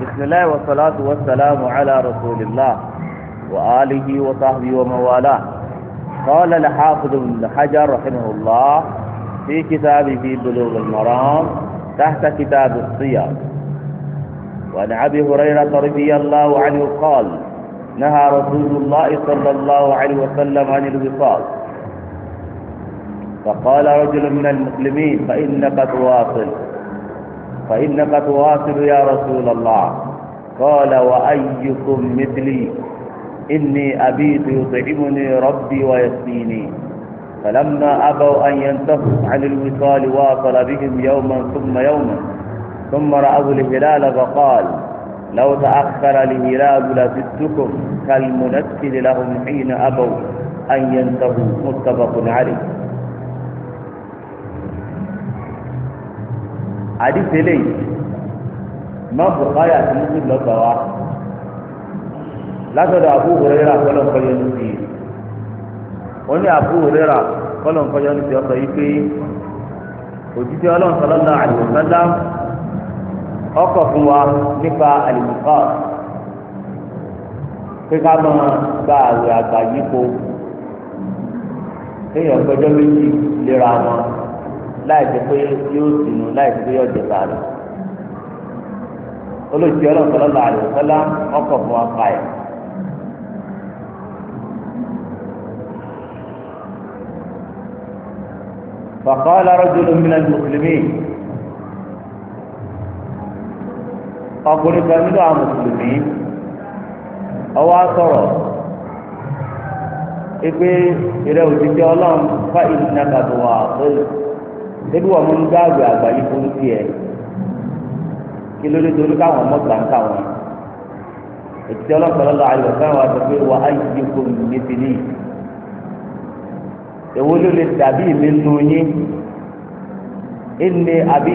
بسم الله والصلاة والسلام على رسول الله وآله وصحبه وموالاه قال الحافظ بن حجر رحمه الله في كتابه بلوغ المرام تحت كتاب الصيام وعن أبي هريرة رضي الله عنه قال نهى رسول الله صلى الله عليه وسلم عن الوصال فقال رجل من المسلمين فإنك تواصل فإنك تواصل يا رسول الله قال وأيكم مثلي إني أبيت يطعمني ربي ويسقيني فلما أبوا أن ينتهوا عن الوصال واصل بهم يوما ثم يوما ثم رأوا الهلال فقال لو تأخر الهلال لزدتكم كالمنكل لهم حين أبوا أن ينتهوا متفق عليه àdìsẹ́ lẹ́yìn bụ Bukhari àti Muslim lọ́gbà wa látọ̀dọ̀ Abu Hurairah kọ́lọ̀ nkọ́yọ́ ní ti wọ́n ní Abu Hurairah kọ́lọ̀ nkọ́yọ́ ní ti yìí pé òjijì ọlọ́run sọlọ́lá àdìsọ́lá ọkọ̀ fún wa nípa àlùmọ́kọ́ pé máa gba àwẹ̀ àgbà kéèyàn méjì wọn. láì jẹ́ pé yóò sinú láì jẹ́ pé yóò jẹ bàálù olùsí ọlọ́sọ̀rọ̀ làlù sọ́lá ọkọ̀ fún apá ẹ̀. فقال رجل من المسلمين أقول kan nínú أو mùsùlùmí إذا àtọ̀rọ̀ ẹgbẹ́ ìrẹ́ òjijì débi wọn mú ní gáàgbé àgbáyé fún tiẹ̀ kí ló dé torí káwọn ọmọ gbà ń kà wọn ètùtù ọlọ́pàá àyọ̀ fẹ́ràn wa sọ pé wà á yí kó mi ti ní èwo ló lè dàbí mi nù yín ẹnì àbí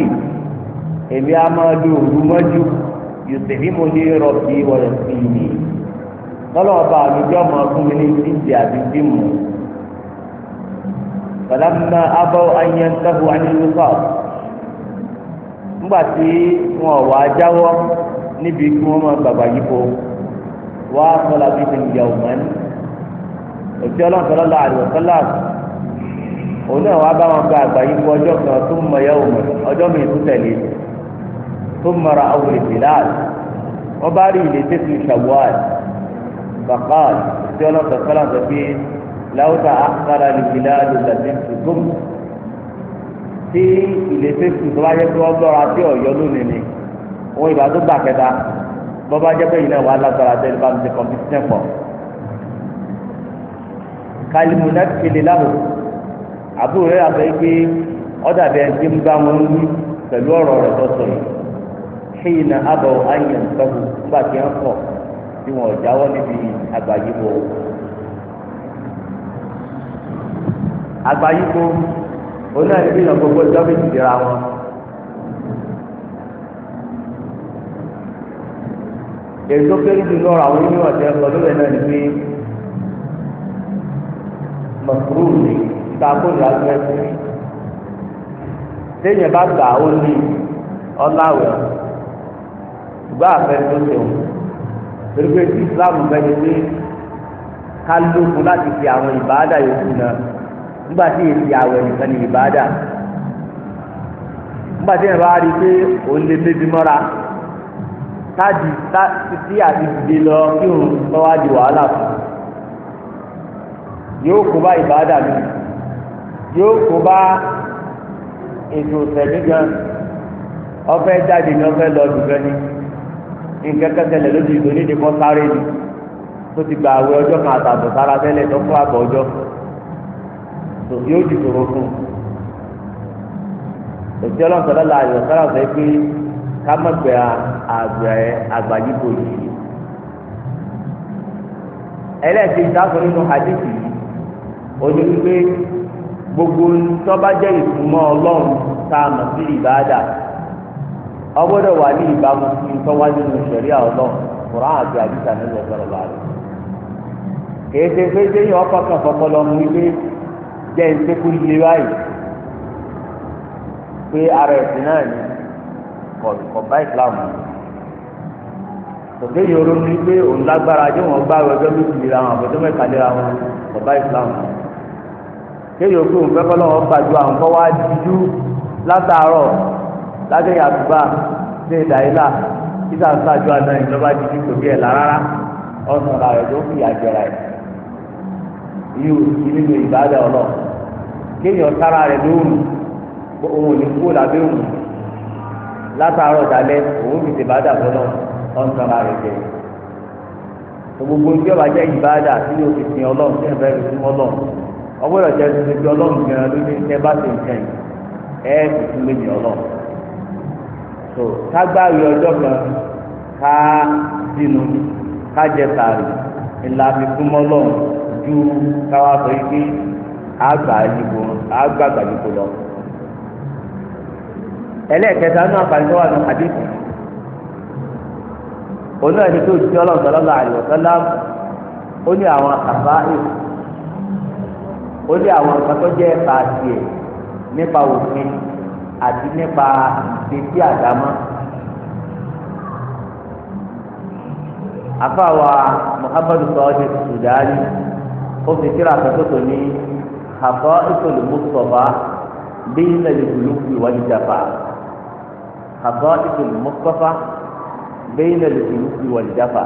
èmi á máa lu òru mo ní rọ̀bì wọ̀rẹ̀ sí mi lọ́lọ́ọ̀bá àlùjọ́ máa fún mi ní ìdí àbí bímù. فلما أبوا أن ينتهوا عن الوصال ngbàtí wọn wà á jáwọ́ níbi kí wọn máa bàbá yìí bò wá sọlá bíi ti ìyàwó mọ́ni òtí ọlọ́run sọlá lọ àdìwọ̀ sọlá òun náà wàá bá wọn kan mi láwùjọ àkàrà nìkìlá lòdàdì tùkùm tí ìlẹsẹ tù tó bá yẹ kí wọn lọra tí ọyọ lónìí ni wọn ìbá tó gbà kẹta bọ́ bá jẹ́ pé yìí náà wà lágbára tẹ́lẹ̀ bá mi ṣe kọ̀mpitíṣẹ́ pọ̀ kalimu náà kele lábò àbúrò rẹ̀ àbẹ́ gbé ọ̀dà bẹ́ẹ̀ ti ń bá wọn wí pẹ̀lú ọ̀rọ̀ rẹ̀ tọ́tọ̀ yìí kéyìn náà abọ̀ ayé ń tọ́kù nígbà tí wọ́n pọ̀ tí wọ́n jáwọ́ níbi àgbàyíbo àgbáyípo òun náà níbi ìyàn gbogbo ìjọba ìdìra wọn. èyí tó kéré jù lọ́rọ̀ àwọn onímọ̀ tẹ́ ń lọ lórí ẹ̀ náà ni pé mọ̀kúrú ni ìta kó ìlú agbẹ́sí téèyàn bá gbà ó ní ọláwẹ̀ ṣùgbọ́n àfẹ́ tó tẹ̀wọ̀n pé tí Islam bẹ́ẹ̀ ni pé ká lókun láti fi àwọn ìbáàdà yòókù náà nígbà tí èsì àwẹ̀ nìkan ní ìbáàdà nígbà tí ìyàbá rí pé òun lè mébi mọ́ra táàdì títí àti dìde lọ kí òun tọ́wá di wàhálà fún yóò kó bá ìbáàdà mi yóò kó bá ètò ìfẹ̀mí gan ọfẹ́ jáde ní ọfẹ́ lọ dùgbẹ́ ni nǹkan kẹsẹ̀lẹ̀ lójú ìgbóni ìdíkọ́ sáré ni tó ti gba àwẹ̀ ọjọ́ kan àtàbọ̀ sára tẹ́lẹ̀ tó fún àbọ̀ ọjọ́ kan. tó yóò di tòrò fún òtí ọlọ́sọ̀rọ̀ la yọ sọ́ra fẹ́ pé ká má gbẹ àgbẹ̀ yìí ẹlẹ́sìn ìdáàbò nínú hadithi yìí pé gbogbo tọ́ba ìfúnmọ́ ọlọ́run tá a mọ̀ sí ìbáadà ọgbọ́dọ̀ wà ní ìbámu sí nínú ọlọ́run àti àdìsá nínú ọ̀sọ̀rọ̀ báyìí jẹ́ ìpẹ́kù lé báyìí pé ara ẹ̀sìn náà ni kọ̀ bá ìsìláàmù tòkè yòrò ní pé òun lágbára jẹ́ wọn gbá ẹgbẹ́ méjì lera wọn àbẹ̀tẹ́ mẹ́ta lera wọn kọ̀ bá ìsìláàmù kéyìí òkú òun fẹ́kọ́ lọ́wọ́ gbàdúrà àwọn kọ́ wá dídú látàárọ̀ lágẹ̀yà àtúbà ṣe ìdáyìlá títà ṣáájú àná ìjọba dídú kò bí ẹ̀ lára ọ̀sán ọ̀la rẹ̀ tó fi àjẹrà ẹ̀ yóò sí nínú ìbádà ọlọ kéèyàn sára rẹ̀ lóhùn òun ò ní kú làbẹ́ òun látàárọ̀ dalẹ́ òun fi ṣe ìbádà fọlọ́ ọ̀n sára rẹ̀ jẹ gbogbo tí ọba jẹ ìbádà tí yóò fi sin Ọlọ́run tí ẹ̀fẹ́ fi fún Ọlọ́run ọgbọ́dọ̀ jẹ tuntun tí Ọlọ́run gan ló ní tẹ́ bá ṣe nǹkan yìí ẹ̀ ẹ́ fi fún méjì Ọlọ́run tó kágbáwé ọjọ́ kan ká dínú ká jẹ tààrí ńlá fi fún Ọlọ́run ju káwá sọ yìí pé àgbà àdìgbò àgbà àgbàdìgbò lọ. ẹlẹ́ẹ̀kẹta náà àǹfààní tó wà ní àdìgbò òun náà ní tó ti ọlọ́run sọlọ́lá àlùfọ́lá ó ní àwọn àbáyé ó ní àwọn nǹkan tó jẹ́ ẹ̀ka tiẹ̀ nípa òfin àti nípa ìṣesí àdámọ́. àfàwà Muhammadu sọ́ọ́dẹ̀ Sudani ó fi kíra àtọ́tò ní àbọ̀ ìtòlù mùsọ̀fà bí ìlẹ̀lẹ̀ ìlúkù ìwádìí jàpá àbọ̀ ìtòlù mùsọ̀fà bí ìlẹ̀lẹ̀ ìlúkù ìwádìí jàpá.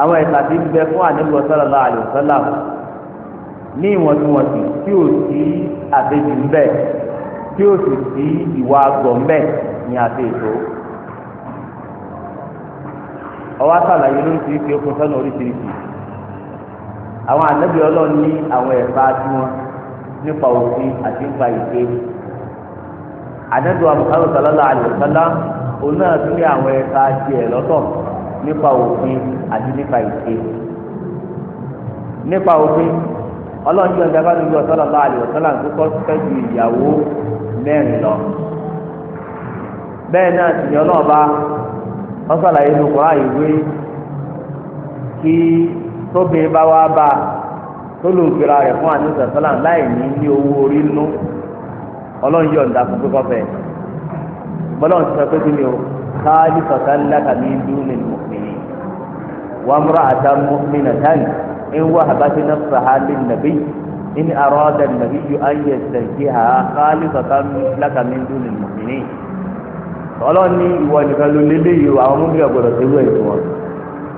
àwọn ẹ̀ka ti ń bẹ fún àníbọ̀ sọ́lá lọ́wọ́ àlùfọ́lá ní ìwọ̀ntúnwọ̀ntì tí ò sí àbẹ̀jù ń bẹ tí ò sì sí ìwà àgọ̀ ń bẹ ní àti ètò ọwọ́ àtàlàyé ló ń ti fi okun sọ́nà oríṣiríṣi. àwọn ànábì ọlọ́run ní àwọn ẹ̀fà tí nípa òfin àti nípa ìṣe ànábì wa Muhammad sallallahu òun náà tún ní àwọn ẹ̀fà tiẹ̀ lọ́tọ̀ nípa òfin àti nípa ìṣe nípa òfin ọlọ́run yóò dábàá lórí sallallahu alayhi ìyàwó lọ náà tóbìnrin bá wá bá tó ló ń pera rẹ̀ fún àdúgbò sàlám láì ní ní owó orí nú ọlọ́run yọ̀ǹda fún pípọ́ fẹ́ bọ́lọ́run ti sọ pé kíni o káàdì sọ̀tàlákà mi dún ní mọ̀kìnrin wà múra àtà mọ̀kìnrin tani ń wá àbáṣe náà sàhálì nàbí ń àròdà nàbí ju ayé sẹ̀kí ha káàdì sọ̀tàlákà mi dún ní mọ̀kìnrin ọlọ́run ní ìwọ nìkan ló lélẹ́yìí àwọn mọ́bí ọ̀gbọ̀dọ̀ tó wẹ̀ ìwọ̀n.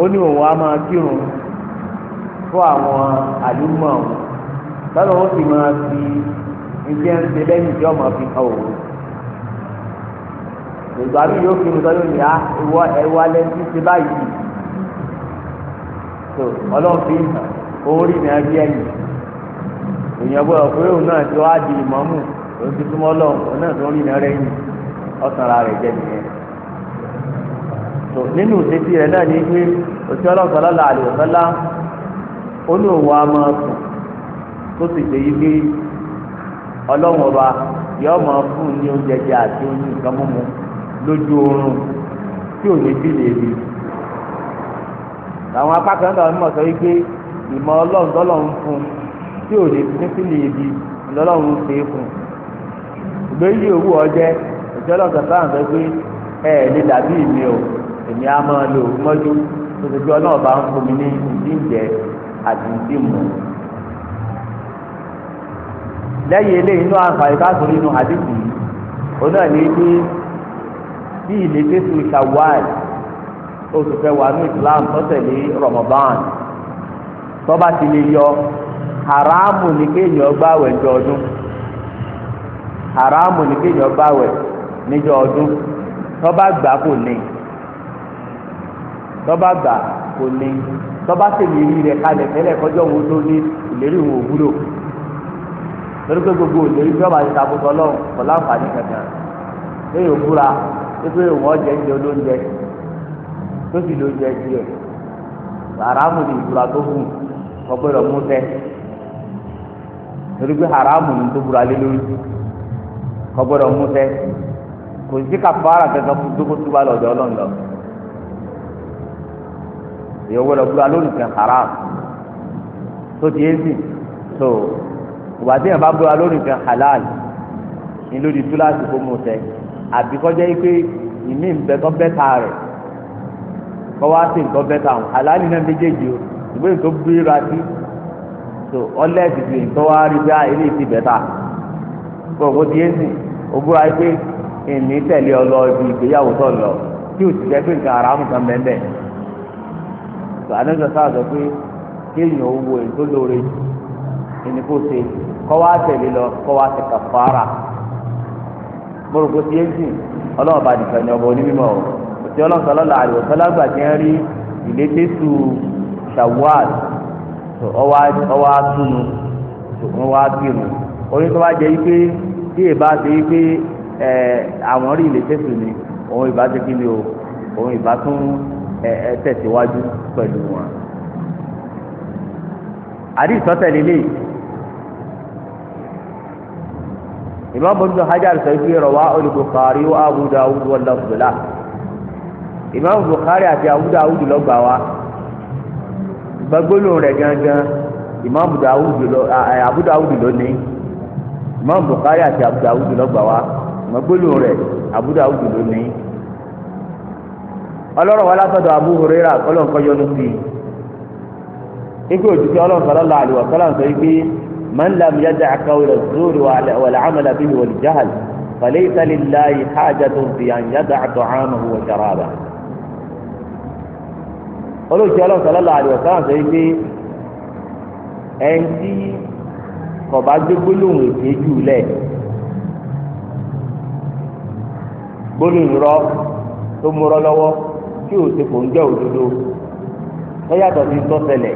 ó ní òun á máa kírun fún àwọn àlùmọ̀ òun lọ́dọ̀ ó sì máa fi ibi ẹ̀ ń ṣe lẹ́yìn tí ọmọ fi hàn òun ìgbà mi yóò ah, á ṣe báyìí tó ọlọ́run fi òun rí ní ẹbí ẹ̀yìn èèyàn gbọ́dọ̀ pé òun náà ti wá di ti súnmọ́ lọ́wọ́ òun tó nínú ìdẹ́sí rẹ̀ náà ní pé òtí ọlọ́sọ̀lá là àlùfẹ́lá ó ní òun á sùn tó sì gbé yí pé ọba yóò máa fún ní oúnjẹ jẹ àti oúnjẹ nǹkan mímu lójú sọ wípé ìmọ̀ ọlọ́run tọ́lọ́run fún tí ò ní lè rí lọ́lọ́run ṣe é fún ìgbéyìí ń o. èmi a máa lo mọ́jú tuntun ọlọ́run bá ń fomi ní ìdíjẹ àti ìdímù. lẹ́yìn eléyìí inú àǹfààní káàtó nínú àdìsí òun náà ní ní bí ilé tẹ́sù ṣàwáàlì oṣù kẹwàá ní Islam tọ́tẹ̀lé Ramadan tọ́ba ti lè yọ haramu ní kéèyàn gbàwẹ̀ ní ọdún haramu ní kéèyàn gbàwẹ̀ níjọ ọdún tọ́ba gbà kò ní. tọ́ba gbà kò ní tọ́ba tèmi rí rẹ̀ kalẹ̀ tẹ́lẹ̀ kọjọ́ wo tó ní ìlérí wọn wúlò lórí pé gbogbo ìlérí tí wọ́n bá ti takùtọ̀ lọ́wọ́ kò láǹfààní pé òun ọ̀jẹ̀ ń jẹ olóúnjẹ tó sì haramu ni ìbúra tó hù mú tẹ́ pé haramu ni tó búra lé lórí mú tẹ́ kò sí kankan fún tó kó túbà lọ́dọ̀ ọlọ́run èèyàn gbọ́dọ̀ búra lórí nǹkan haram tó ti ézì so ìwà tí èèyàn bá búra lórí nǹkan halal ni lórí túláàsì kó mú tẹ àbí kọjá yìí pé ìmí ìbẹ́tọ́ bẹ́ta rẹ̀ kọ́ wá sí nǹkan bẹ́ta wọn halali náà méjèèjì o ìwé tó búra sí so ọlẹ́ẹ̀sì fi nǹkan wá rí bá eré ìsì bẹ́ta kó o ti ézì o búra yìí pé ìní tẹ̀lé ọ lọ ibi ìgbéyàwó tó lọ tí o ti jẹ́ pé nǹkan haram kan bẹ́ẹ̀ àdéhùn sáà sọ pé kéèyàn ó wo ètò lóore ẹni kó ṣe kọ́ wá tẹ̀lé lọ kọ́ wá ti kàfàrà gbọ́dọ̀ sí ẹ́ńtì ọlọ́ọ̀bá nìkan ni ọba onímọ̀ ọ̀ òtí ọlọ́ọ̀sọ lọ́la àríwọ̀ sọlágbà ti ń rí ìlétésù shawwal ọwọ́ atúnu ṣùgbọ́n wá kírun orí tó wá jẹ́ wípé tí ìbá ṣe wípé àwọn rí ìlétésù ni òun ìbá ṣe kí ni o òun ìbá tún ẹ tẹ̀síwájú pẹ̀lú wọn. àdìs sọ́tẹ̀lì lè Imam Ibn Hajar sọ pé rọwá al-Bukhari wa Abu Dawud wa lọ́gbọ̀lá Imam Bukhari àti Abu Dawud lọ́gbà wa gbagbolo rẹ̀ gangan Imam Abu Dawud lónìí Imam Bukhari àti Abu Dawud lọ́gbà wa gbagbolo rẹ̀ Abu Dawud lónìí ọlọ́rọ̀ wa látọ̀dọ̀ Abu Huraira ọlọ́run kọ́ yọnu sí i ikú òjijì ọlọ́run sallallahu alaihi wa sallam sọ pé man lam yada' qawla zuri wal 'amala bihi wal jahl falaysa lillahi hajatun fi an yada'a ta'amahu wa sharabahu olóòtú ọlọ́run sallallahu alaihi wa sallam sọ pé ẹ̀ńtí kọ̀bá gbé gbólóhùn èké jù lẹ̀ gbólóhùn rọ tó múrọ lọ́wọ́. tí ò ṣe kò ń jẹ́ òdodo ó yàtọ̀ sí tọ́sẹ̀lẹ̀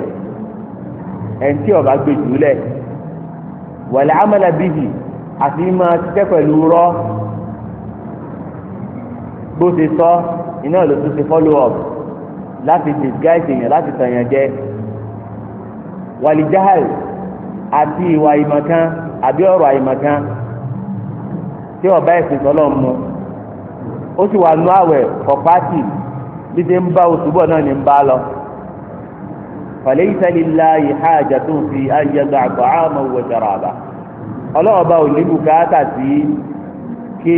ẹ̀ ń tí ọba gbé jùlẹ̀ wàlẹ̀ amẹ́lẹ̀ bíbí àti máa tẹ́ pẹ̀lú rọ́ bó ṣe sọ iná ló tún ṣe follow up láti disguise èèyàn láti tàyàn jẹ wàlìjáhàl àti ìwà ìmọ̀kan àbí ọ̀rọ̀ àìmọ̀kan tí ọba ẹ̀sìn tọ́lọ́ mu ó sì wà àwẹ̀ dídé ń bá oṣù bọ̀ náà ní ń bá lọ. falaysa lillahi fi an yada'a ta'amahu wa sharabahu ọlọ́wọ́ bá òní bùkátà sí kí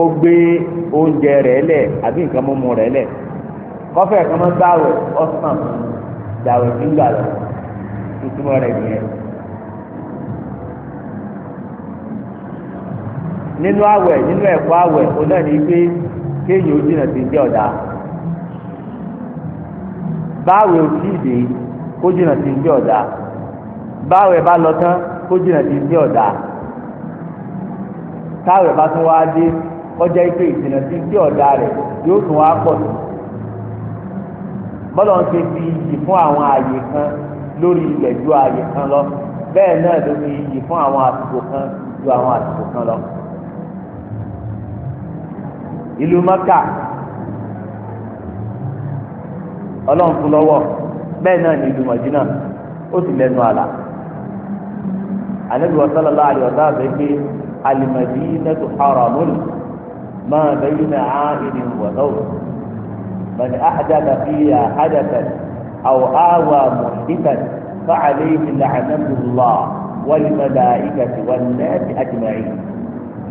ó gbé oúnjẹ rẹ̀ lẹ̀ àbí nǹkan mímu rẹ̀ lẹ̀ kọfẹ kan máa ń gbàwẹ̀ ọsàn gbàwẹ̀ nígbà lọ ìtumọ̀ rẹ̀ nìyẹn. nínú àwẹ̀ nínú ẹ̀kọ́ àwẹ̀ ní pé báwẹ̀ ò tí ì dé kó jìnnà sí ní ọ̀dà báwẹ̀ bá lọ tán kó jìnnà sí ní ọ̀dà táwẹ̀ bá tún wáá dé ọjà ìpè ìjìnnà sí ní ọ̀dà rẹ̀ yóò tún wáá pọ̀ sí bọ́lá ń ṣe fi iyì fún àwọn ààyè kan lórí ilẹ̀ ju ààyè kan lọ bẹ́ẹ̀ náà ló fi iyì fún àwọn àsìkò kan ju àwọn àsìkò kan lọ. ìlú mọ́kà ọlọ́run fún lọ́wọ́ bẹ́ẹ̀ náà ní ìlú mọ̀jínà ó sì lẹ́nu àlà ànábì sallallahu alaihi wasallam bẹ́ẹ̀ pé al-madinatu haramun ma bayna 'a'ilin wa zawj man ahdatha fiha hadathan aw awa muhdithan فعليه لعنة الله والملائكة والناس أجمعين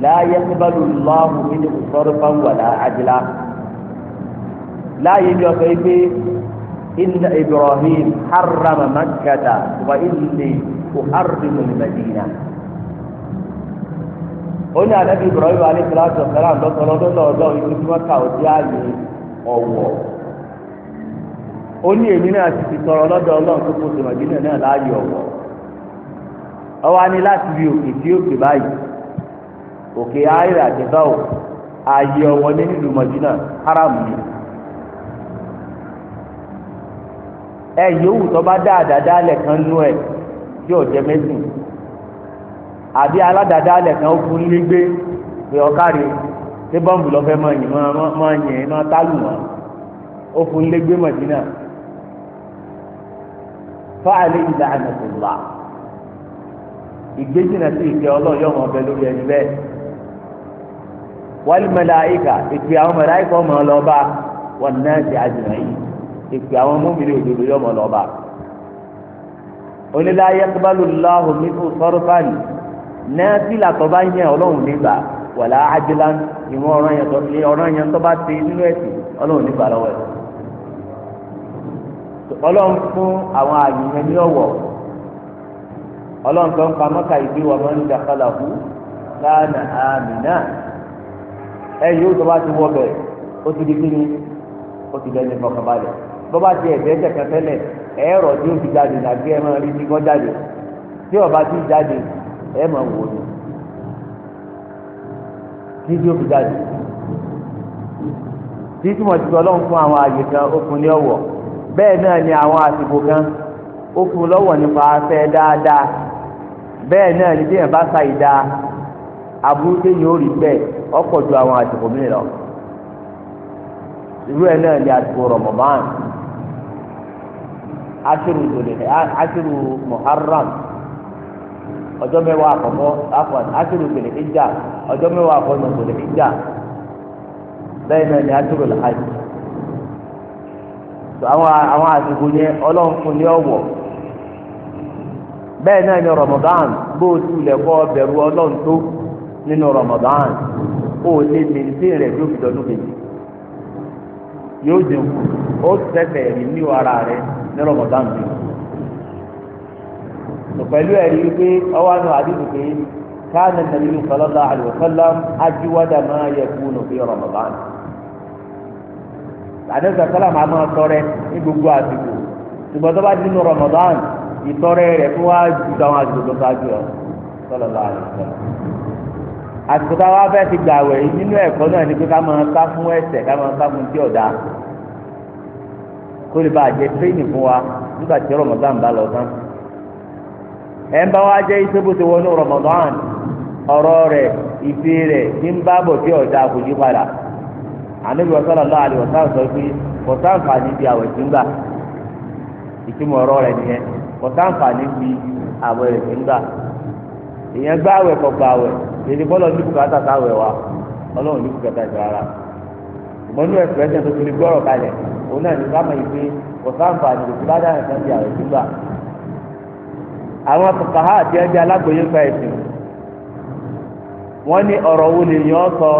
لا يقبل الله منه صرفا ولا عدلا láàyè bí ọ̀sẹ̀ yìí inna ibrahim harrama makkata wa inni uharrimu madina ó ní ànábì ibrahim alayhi salatu wa ọdún lọ́ọ̀dọ́ ìlú tí wọ́n kà ó sí ààyè ọ̀wọ̀ ó ní èmi náà ti fi tọrọ lọ́dọ̀ ọlọ́run tó kó madina náà láàyè láti òkè òkè báyìí òkè ayé àti báwò madina haram ẹ yòówù tó bá dáadáa lẹ̀ kan nú ẹ̀ tí jẹ mẹ́sìn àbí aládàáda lẹ̀ kan fún ilé pé ọ̀kárí ṣé bọ́ǹbù lọ́fẹ́ máa yìn máa yìn máa tálù wọn ó fún ilé mọ̀dínà fáàlì ìdá ànàtìlá ìgbésìnà sí ìfẹ́ ọlọ́yọ̀ ọmọ ọbẹ̀ lórí ẹni bẹ́ẹ̀ wal ìpè àwọn ìpè àwọn mọ́mìnì òdodo yọ ọmọ lọ́ba oníláyé kábàlù láhùn nínú sọ́rọ́fàlì nẹ́ẹ̀sì làtọ́ bá yẹn ọlọ́run nígbà wàlá ájílá ìwọ̀n ọ̀ràn yẹn tó bá ti nínú ẹ̀sìn ọlọ́run nígbà lọ́wọ́ ẹ̀ ọlọ́run fún àwọn àyè yẹn ní ọ̀wọ̀ ọlọ́run tó ń ìgbé mọ́ àmì náà tó bá ti wọ ó ti di kíni bọ́bá ti ẹ̀fẹ́ tẹ̀kẹ́ tẹ́lẹ̀ ẹ̀rọ tí ó fi jáde làbí ẹ̀ máa rí ti kọ́ jáde tí ọba ti jáde ẹ̀ máa wò ó tí ó fi jáde tí ti sọ lọ́hùn fún dáadáa bẹ́ẹ̀ náà ni bá sa aburú ó rí bẹ́ẹ̀ ọ̀pọ̀ ju àwọn àsìkò irú ẹ̀ náà ashiru ìdòlè ashiru muharram ọjọ mẹ́wàá àkọ́kọ́ afọn ashiru ìdòlè ìjà ọjọ́ mẹ́wàá àkọ́kọ́ ìdòlè ìjà bẹ́ẹ̀ náà ni ashiru làájì àwọn àsìkò yẹn ọlọ́run fún ní ọ̀wọ̀ bẹ́ẹ̀ náà ni rọmọdán bó o tilẹ̀ kọ́ tó nínú rọmọdán ó lé tó fi kejì yóò ó ní rọmọdán bí pẹ̀lú ẹ̀rí wípé ọwọ́ àánú àdìsí pé káàní nàbíyí sọlọ́dà àlùfẹ́lá ajíwádà máa yẹ fún òbí rọmọdán àdéhùn sọlá máa máa tọrẹ ní gbogbo àsìkò ṣùgbọ́n tó bá dín ní rọmọdán ìtọrẹ rẹ̀ fún wa ju àwọn àsìkò tó ṣáájú ọ sọlọ́dà àlùfẹ́lá àsìkò táwa fẹ́ ti gbàwẹ̀ nínú ẹ̀kọ́ náà ni pé ká máa sá fún ẹ̀ṣẹ̀ ká máa sá fún tí ọ̀dà kó lè a jẹ tírénì fún wa nígbà tí rọmọdán bá lọ tán ẹ ń bá wa jẹ ìṣèbùsọ wọnú rọmọdán ọ̀rọ̀ rẹ̀ ìfi rẹ̀ ní ń tí ọjà àkójú padà ànábi wọsán lọ àlè wọsán sọ pé wọsán fàánì bí àwẹ̀ tí ń gbà ìtumọ̀ nìyẹn bí tí ń gbà ìyẹn gbà kọ gbà èdè bọlọ ní wa ní mọ́nú ẹ̀sìrẹ́sìn tó fi lè gbọ́rọ̀ kalẹ̀ òun náà ní kámọ̀ yìí pé kọ̀sáǹfà ní kòtí bá dáhùn sàn di àrẹ̀ sígbà. àwọn kàkàhà àti ẹgbẹ́ alágbèyé fa ẹ̀sìn wọ́n ní ọ̀rọ̀ wo lè yàn ọ́ sọ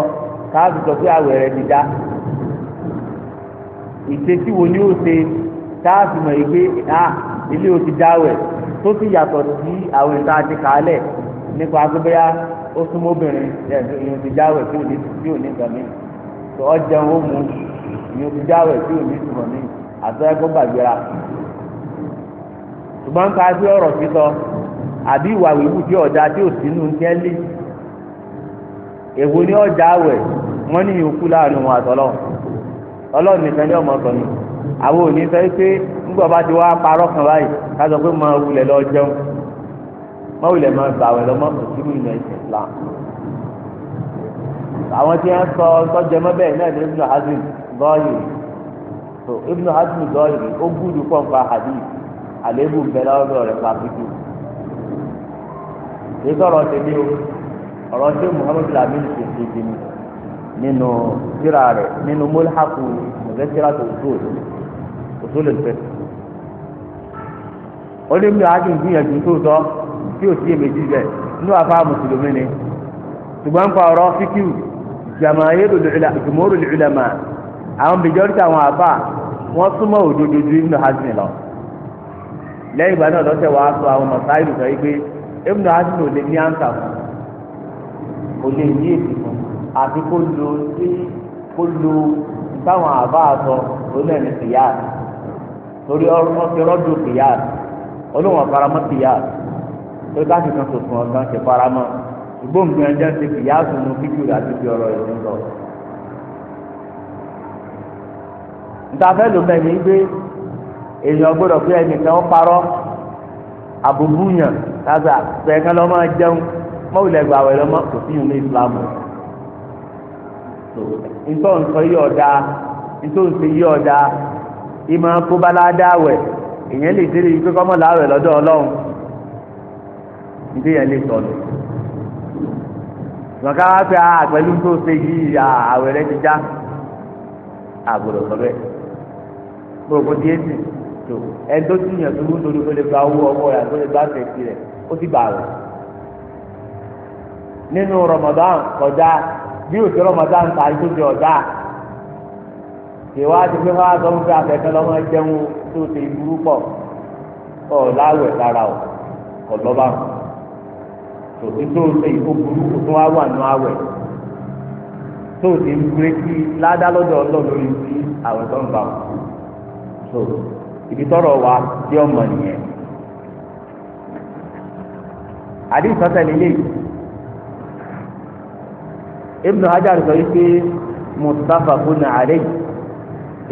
káàbì sọ pé àwẹ̀ rẹ̀ ti dá ìṣesí wo ni ó ṣe káàbì mọ̀ yìí pé à ilé o ti dáwẹ̀ tó ti yàtọ̀ sí àwẹ̀ tá a kàálẹ̀ nípa agbẹ́bẹ́yà ó súnmọ́ obìnrin ẹ̀ tó ọjà owó mu ni o ti dáwọ̀ tí o ní túbọ̀ ní àtọ́ gbàgbéra ṣùgbọ́n ń ka sí ọ̀rọ̀ sísọ àbí ìwà wíwú tí ọ̀dà tí ò sínú ń tẹ́lẹ̀ èwo ni ọjà wọ́n ní ìyókù láàrin wọn àtọ́lọ́ nìkan ní ọmọ ni àwọn òní sọ pé bá ti wá parọ́ kan báyìí ká sọ pé máa wulẹ̀ lọ jẹun máa wulẹ̀ máa gbàwẹ̀ lọ àwọn tí wọ́n sọ tọ́jẹmọ́ bẹ́ẹ̀ náà ní ibnu hazim gọ́ọ̀yì so ibnu hazim gọ́ọ̀yì ó gúdù pọ̀npá hadith àléébù bẹ́ẹ̀ lọ́dọ̀ rẹ̀ pàtó èyí sọ̀rọ̀ tèmi o ọ̀rọ̀ tí muhammed lamin ṣe ṣe ṣe ni nínú síra rẹ̀ nínú mọ́lẹ́hàkù mọ̀gẹ́síra tó tó tó lè fẹ́. onímọ̀ ajé ìgbìyànjú tó tọ́ tí ò sí èméjì bẹ́ẹ̀ inú àfa mùsùlùmí ni ṣùgbọ́n ń pa ọ̀rọ̀ fíkìrù jùmọ̀rù lùlẹ̀mà àwọn bìjọ́rìtì àwọn àbá wọ́n súnmọ́ òdodo ju ibùdó hasan lọ lẹ́yìn ìgbà náà lọ́sẹ̀ wàá sọ àwọn mọ̀sáìlù sọ wípé ibùdó hasan ò lè ní àǹkà fún kò lè ní èsì fún àti kó lo sí kó lo táwọn àbá sọ onílẹ̀ kìyàt ìgbóǹgbìn ọjọ́ ṣe kìyà sùnú fíjù àti fi ọ̀rọ̀ ìsìn sọ. ntàfẹ́ ló bẹ̀ ní gbé èèyàn gbọ́dọ̀ pé ẹnìkan ó parọ́ ma yàn jẹun mọ́wùlẹ́gbà wẹ̀ lọ́mọ́ kò sí ìhùn ní Islam. yí ọ̀dà yí ọ̀dà ìmọ̀ wẹ̀ èèyàn lè fi kọ́mọ́ láwẹ̀ lọ́dọ̀ Ọlọ́run lè sọ̀ká wá pé a ah, pẹ̀lú tó ṣe yìí àwẹ̀ rẹ ti já àgbọ̀dọ̀ sọ bẹ́ẹ̀ gbogbo díẹ̀ sì tó ẹni tó ti yàn tó lórí ó lè gba owó ọwọ́ rẹ̀ àti ó lè gba àtẹ̀sí rẹ̀ ó ti bà rẹ̀ nínú Ramadan kọjá bí òṣèlú Ramadan ta ikú ti ọjà ìwádìí pé wọ́n á sọ fún afẹ́fẹ́ lọ́mọ jẹun tó ṣe ìburú pọ̀ ọ̀ láwẹ̀ lára ọ̀ kọ̀ lọ́ba rẹ̀ tòtí tó o ṣe ìkó burú o tún wá wà nù awẹ̀ tó o ti ń gbékí ládá lọ́dọ̀ ọlọ́run lórí àwọn tó ń bá wọn so ibi tọrọ wa tí ọmọ nìyẹn àdìs sọtẹlẹ yìí Ibn Hajar sọ yìí pé Mustafa kuna alayhi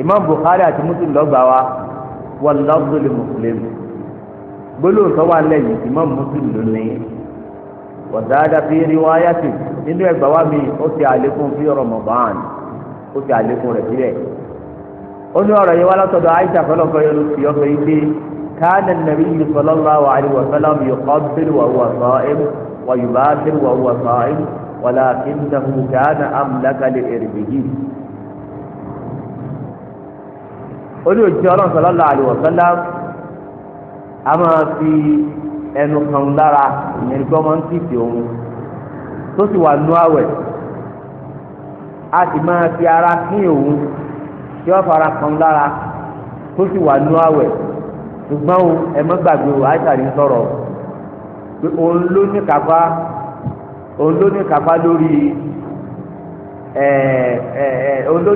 Imam Buhari àti Muslim lọgbà wa wọn lọ gbọlẹ Muslim gbọlẹ òsọ wa lẹ́yìn Imam Muslim lónìí wọ̀dáadá fi riwayati nínú ẹgbà wa mi ó ti àlékún fi Ramadan ó ti àlékún rẹ̀ sílẹ̀ ó ní ọ̀rọ̀ yẹn wá látọ̀dọ̀ Aisha fọlọ́fọ́ yẹn ló fi ọkọ̀ yìí dé káàdà nàbí yìí sallallahu alaihi wa sallam yuqabbilu wa huwa sa'im wa yubashiru wa huwa sa'im walakinahu kana amlaka li irbihi. ó ní òjì ọlọ́run sallallahu alaihi wa sallam a máa fi ẹnu kan lára ìyẹn nípa ń tó sì wà nú àwẹ̀ a sì máa fi ara kín òun tí wọ́n fara kan tó sì wà nú àwẹ̀ ṣùgbọ́n o ẹ gbàgbé o àìsàn sọ̀rọ̀ pé òun ló ní kápá òun ló ní kápá lórí ẹ ẹ òun ló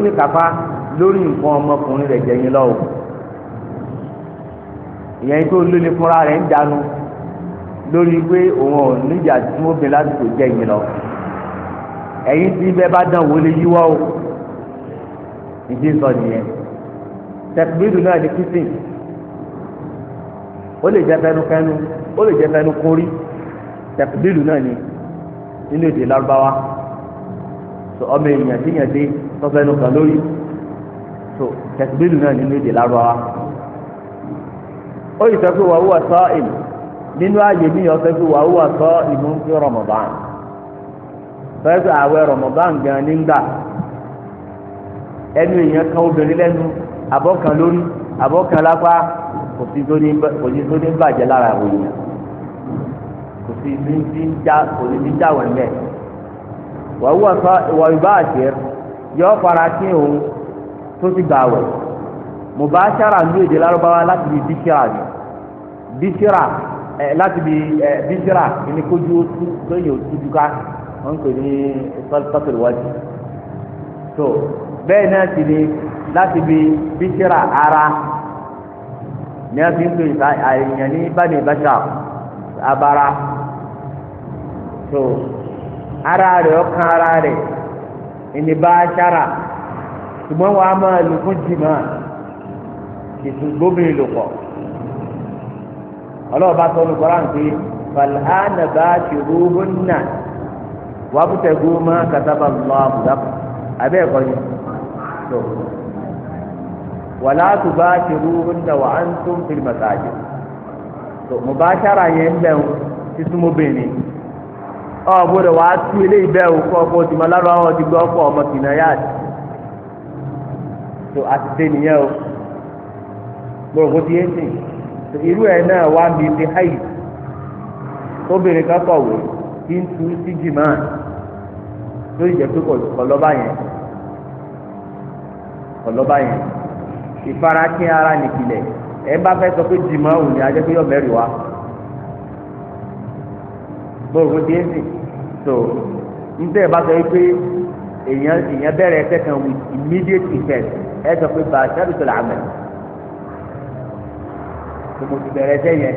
lórí pé òun ò níjà tí wọ́n bẹ lásìkò jẹ́ yìí lọ ẹ̀yin tí bẹ́ẹ̀ bá dán wọlé yíwọ́ o ìdí sọ nìyẹn tẹkbíìrù náà ní kìsìn ó lè jẹ́ fẹnukẹnu ó lè jẹ́ fẹnu kórí tẹkbíìrù náà ní nínú èdè lárúbáwá so ọmọ èèyàn tí yàn dé tọ́fẹ́nu kan lórí so tẹkbíìrù náà nínú èdè lárúbáwá ó yìí sọ pé wàhùwà sọ́ọ̀ìmù nínú ààyè mi yọ sẹ́kù wà wúwà sọ ìmú ń fi Ramadan fẹ́ẹ́ sọ Ramadan gan nígbà ẹnu èèyàn kan obìnrin lẹ́nu abọ́kan lórí abọ́kan lápá kò sí tó ní bàjẹ́ lára àwọn èèyàn kò sí ní ti ń já kò sí ti ń já wọ̀ ńlẹ̀ wà wúwà sọ ìwà ìbá àṣẹ yọ fara kí òun tó ti gbà wẹ̀ mo bá ṣára ní èdè lárúbáwá láti di bíṣíra ni ẹ eh, láti bi ẹ bíjìrà ẹni kójú otu lóyìn otu duka wọn pè ní sọtọtò wájú tó bẹ́ẹ̀ náà sì ni láti bi bíjìrà ara ní a fi ń pè àyàn ní bani bàṣà abara tó ara rẹ̀ ọkàn ara rẹ̀ ẹni bá a ṣùgbọ́n wàá máa lò fún jìmọ̀ ìtùgbómi lò ọlọ́run bá tọ́nu koran pé falhana bá ti rúbùn náà wà bùtẹ̀ gómà kàtàbà lọ́ àbùdá abẹ́ ẹ̀kọ́ ni tó wàlá tó bá ti rúbùn náà wà á ń tún fìlì màsáàjì tó mo bá ṣára yẹn ń bẹ̀ wọn súnmọ́ bẹ̀rẹ̀ ọ gbọ́dọ̀ wà á tú ilé ìbẹ́ o kọ́ ọkọ̀ tìmọ̀ lára ọ ti gbọ́ ọkọ̀ ọmọ kìnnìyàdì tó àti tẹ́ nìyẹn o gbọ́dọ̀ kó ti yé sìn irú ẹ̀ náà wá mi ti háyì tóbìnrin kan kọ̀wé kí n tu sí jìmá lórí ìjẹ́ pé kọ̀lọ́bà yẹn kọ̀lọ́bà yẹn ìfarakín ara nìkìlẹ̀ ẹ bá fẹ́ sọ pé jìmá òun ni ajẹ́ pé yọ mẹ́rin wá bóòrò di èsì so níbẹ̀ bá sọ pé èèyàn èèyàn bẹ̀rẹ̀ ẹsẹ̀ kan with immediate effect ẹ sọ pé bàtà bìtọ̀ làmẹ̀ tó mo ti bẹ̀rẹ̀ ẹsẹ̀ yẹn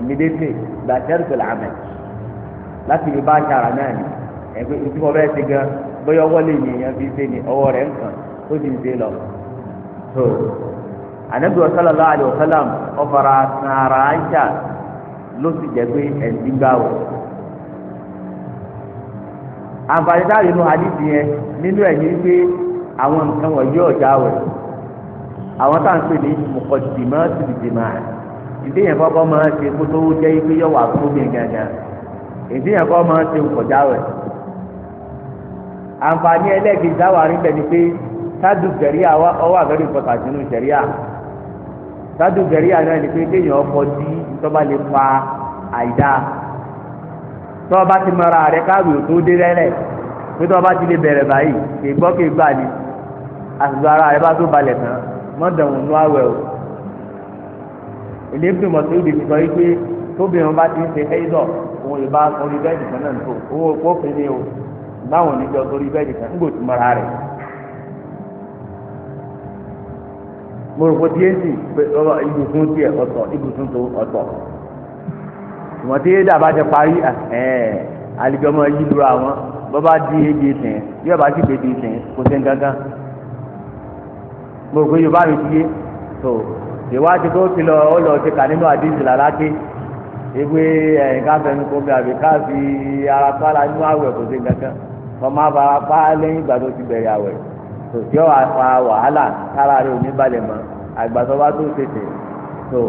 immediately gbàtẹ́rù tó làmẹ̀ láti lè bá aṣara náà ni ẹgbẹ́ ìdí mo bẹ́ẹ̀ ti gan bóyá ọwọ́ lè yìn yẹn fi ṣe ni ọwọ́ rẹ̀ ń kàn ó sì ń ṣe lọ. so anabi wa sallallahu alayhi wa sallam ọfara sàrà àṣà ló sì jẹ́ pé ẹ̀sìn gbà wọ̀. àǹfààní táwọn inú hadith yẹn nínú ẹ̀ pé àwọn nǹkan wọ̀nyí ọ̀já wẹ̀ àwọn táwọn pè ní mọ̀kọ́dìmọ́ síbi jìmọ̀ àti. ìdíyẹn kọ́kọ́ máa ṣe kó jẹ́ ibi yọ wà fún mi gangan ìdíyẹn kọ́ máa ṣe nkọjá rẹ̀ àǹfààní ẹlẹ́gìí dáwà bẹ̀ ni pé sádù gẹ̀ríà ọwọ́ àgẹ́rì sínú gẹ̀ríà sádù gẹ̀ríà náà ni pé kéèyàn ọkọ̀ sí tọ́ba lè fa àìdá tọ́ba ti mara rẹ̀ káwé tó dé rẹ́rẹ́ pé tọ́ba ti lè bẹ̀rẹ̀ báyìí kì í gbọ́ kì í gbà ara bá tó ìlẹ́pẹ̀ mọ̀tòdì ti sọ wípé tóbìnrin bá ti ń ṣe ẹ̀yọ́ òun ìbá sọrí bẹ́ẹ̀dì kan náà tó owó kófin ni o báwọn oníjọ sọrí bẹ́ẹ̀dì kan nígbò tí mọ́ra rẹ̀. mo rò pé tíyẹ́sì pé ọ̀rọ̀ ibùsùn tiẹ̀ ọ̀tọ̀ ibùsùn tó ọ̀tọ̀ ìwọ̀n tí yéèdà bá ti parí àlìjọmọ yìí lura wọn bọ́bá di ebi sìn bí ọba ti bèbí sìn kò sí mo rò pé yorùbá mi ti yé tó ìwádìí tó ti lọ ó lọ ti kà nínú àdìsí làlákè ewé ẹ̀yìn káfẹ́nu kó bí àbí káfí arapá la nínú àwẹ̀ kò sí kankan ọmọ abarapá lẹ́yìn ìgbà tó ti bẹ̀rẹ̀ àwẹ̀ tò tí ó wà fa wàhálà kára rẹ̀ ò ní balẹ̀ mọ́ àgbàdo bá tó tètè tó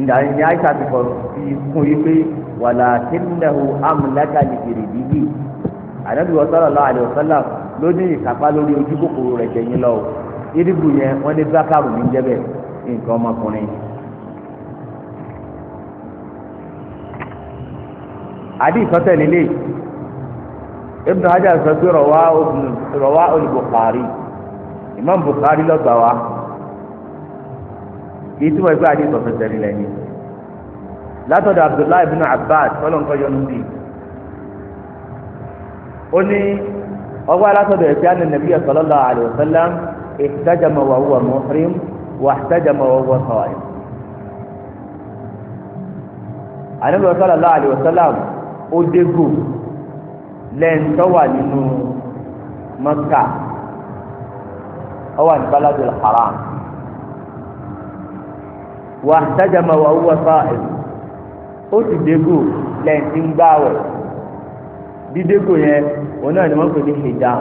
ìdáyìn àìsàn ti kọ fi kún yìí pé wàlà kíndàhù amúnáka nìkiri dídì ànábi wọ́sọ́lọ̀ lọ́wọ́ àlè wọ́sọ́lọ̀ ló ní ìkápá lórí ojú kòkòrò rẹ̀ jẹ̀yìn lọ́wọ́ irúgbù yẹn wọ́n ní bákàrù ní jẹ́bẹ̀ẹ́ nǹkan ọmọkùnrin. àdí ìsọtẹ́lélẹ̀ Ibn Hajar sọ pé rọwá olùbùkárì Imam Bukhari lọ́gbà wa ìtumọ̀ ìgbà àdí ìsọtẹ́lélẹ̀ ni látọ̀dọ̀ Abdullahi ibn Abbas fọlọ́nkọ́ yọnu bíi ó ní ọgbà látọ̀dọ̀ ẹ̀fíà ní nàbíyà sallallahu alaihi wasallam ihtajama wa واحتجم وهو صائم Ànábì sallallahu alayhi wa sallam ó dégò lẹ́ńtọ́ wà nínú Mẹ́kà ó wà ní Baladul Haram واحتجم وهو صائم ó sì dégò lẹ́ńtí ń gbáwẹ̀ dídégò yẹn òun náà ni wọ́n pè ní hijab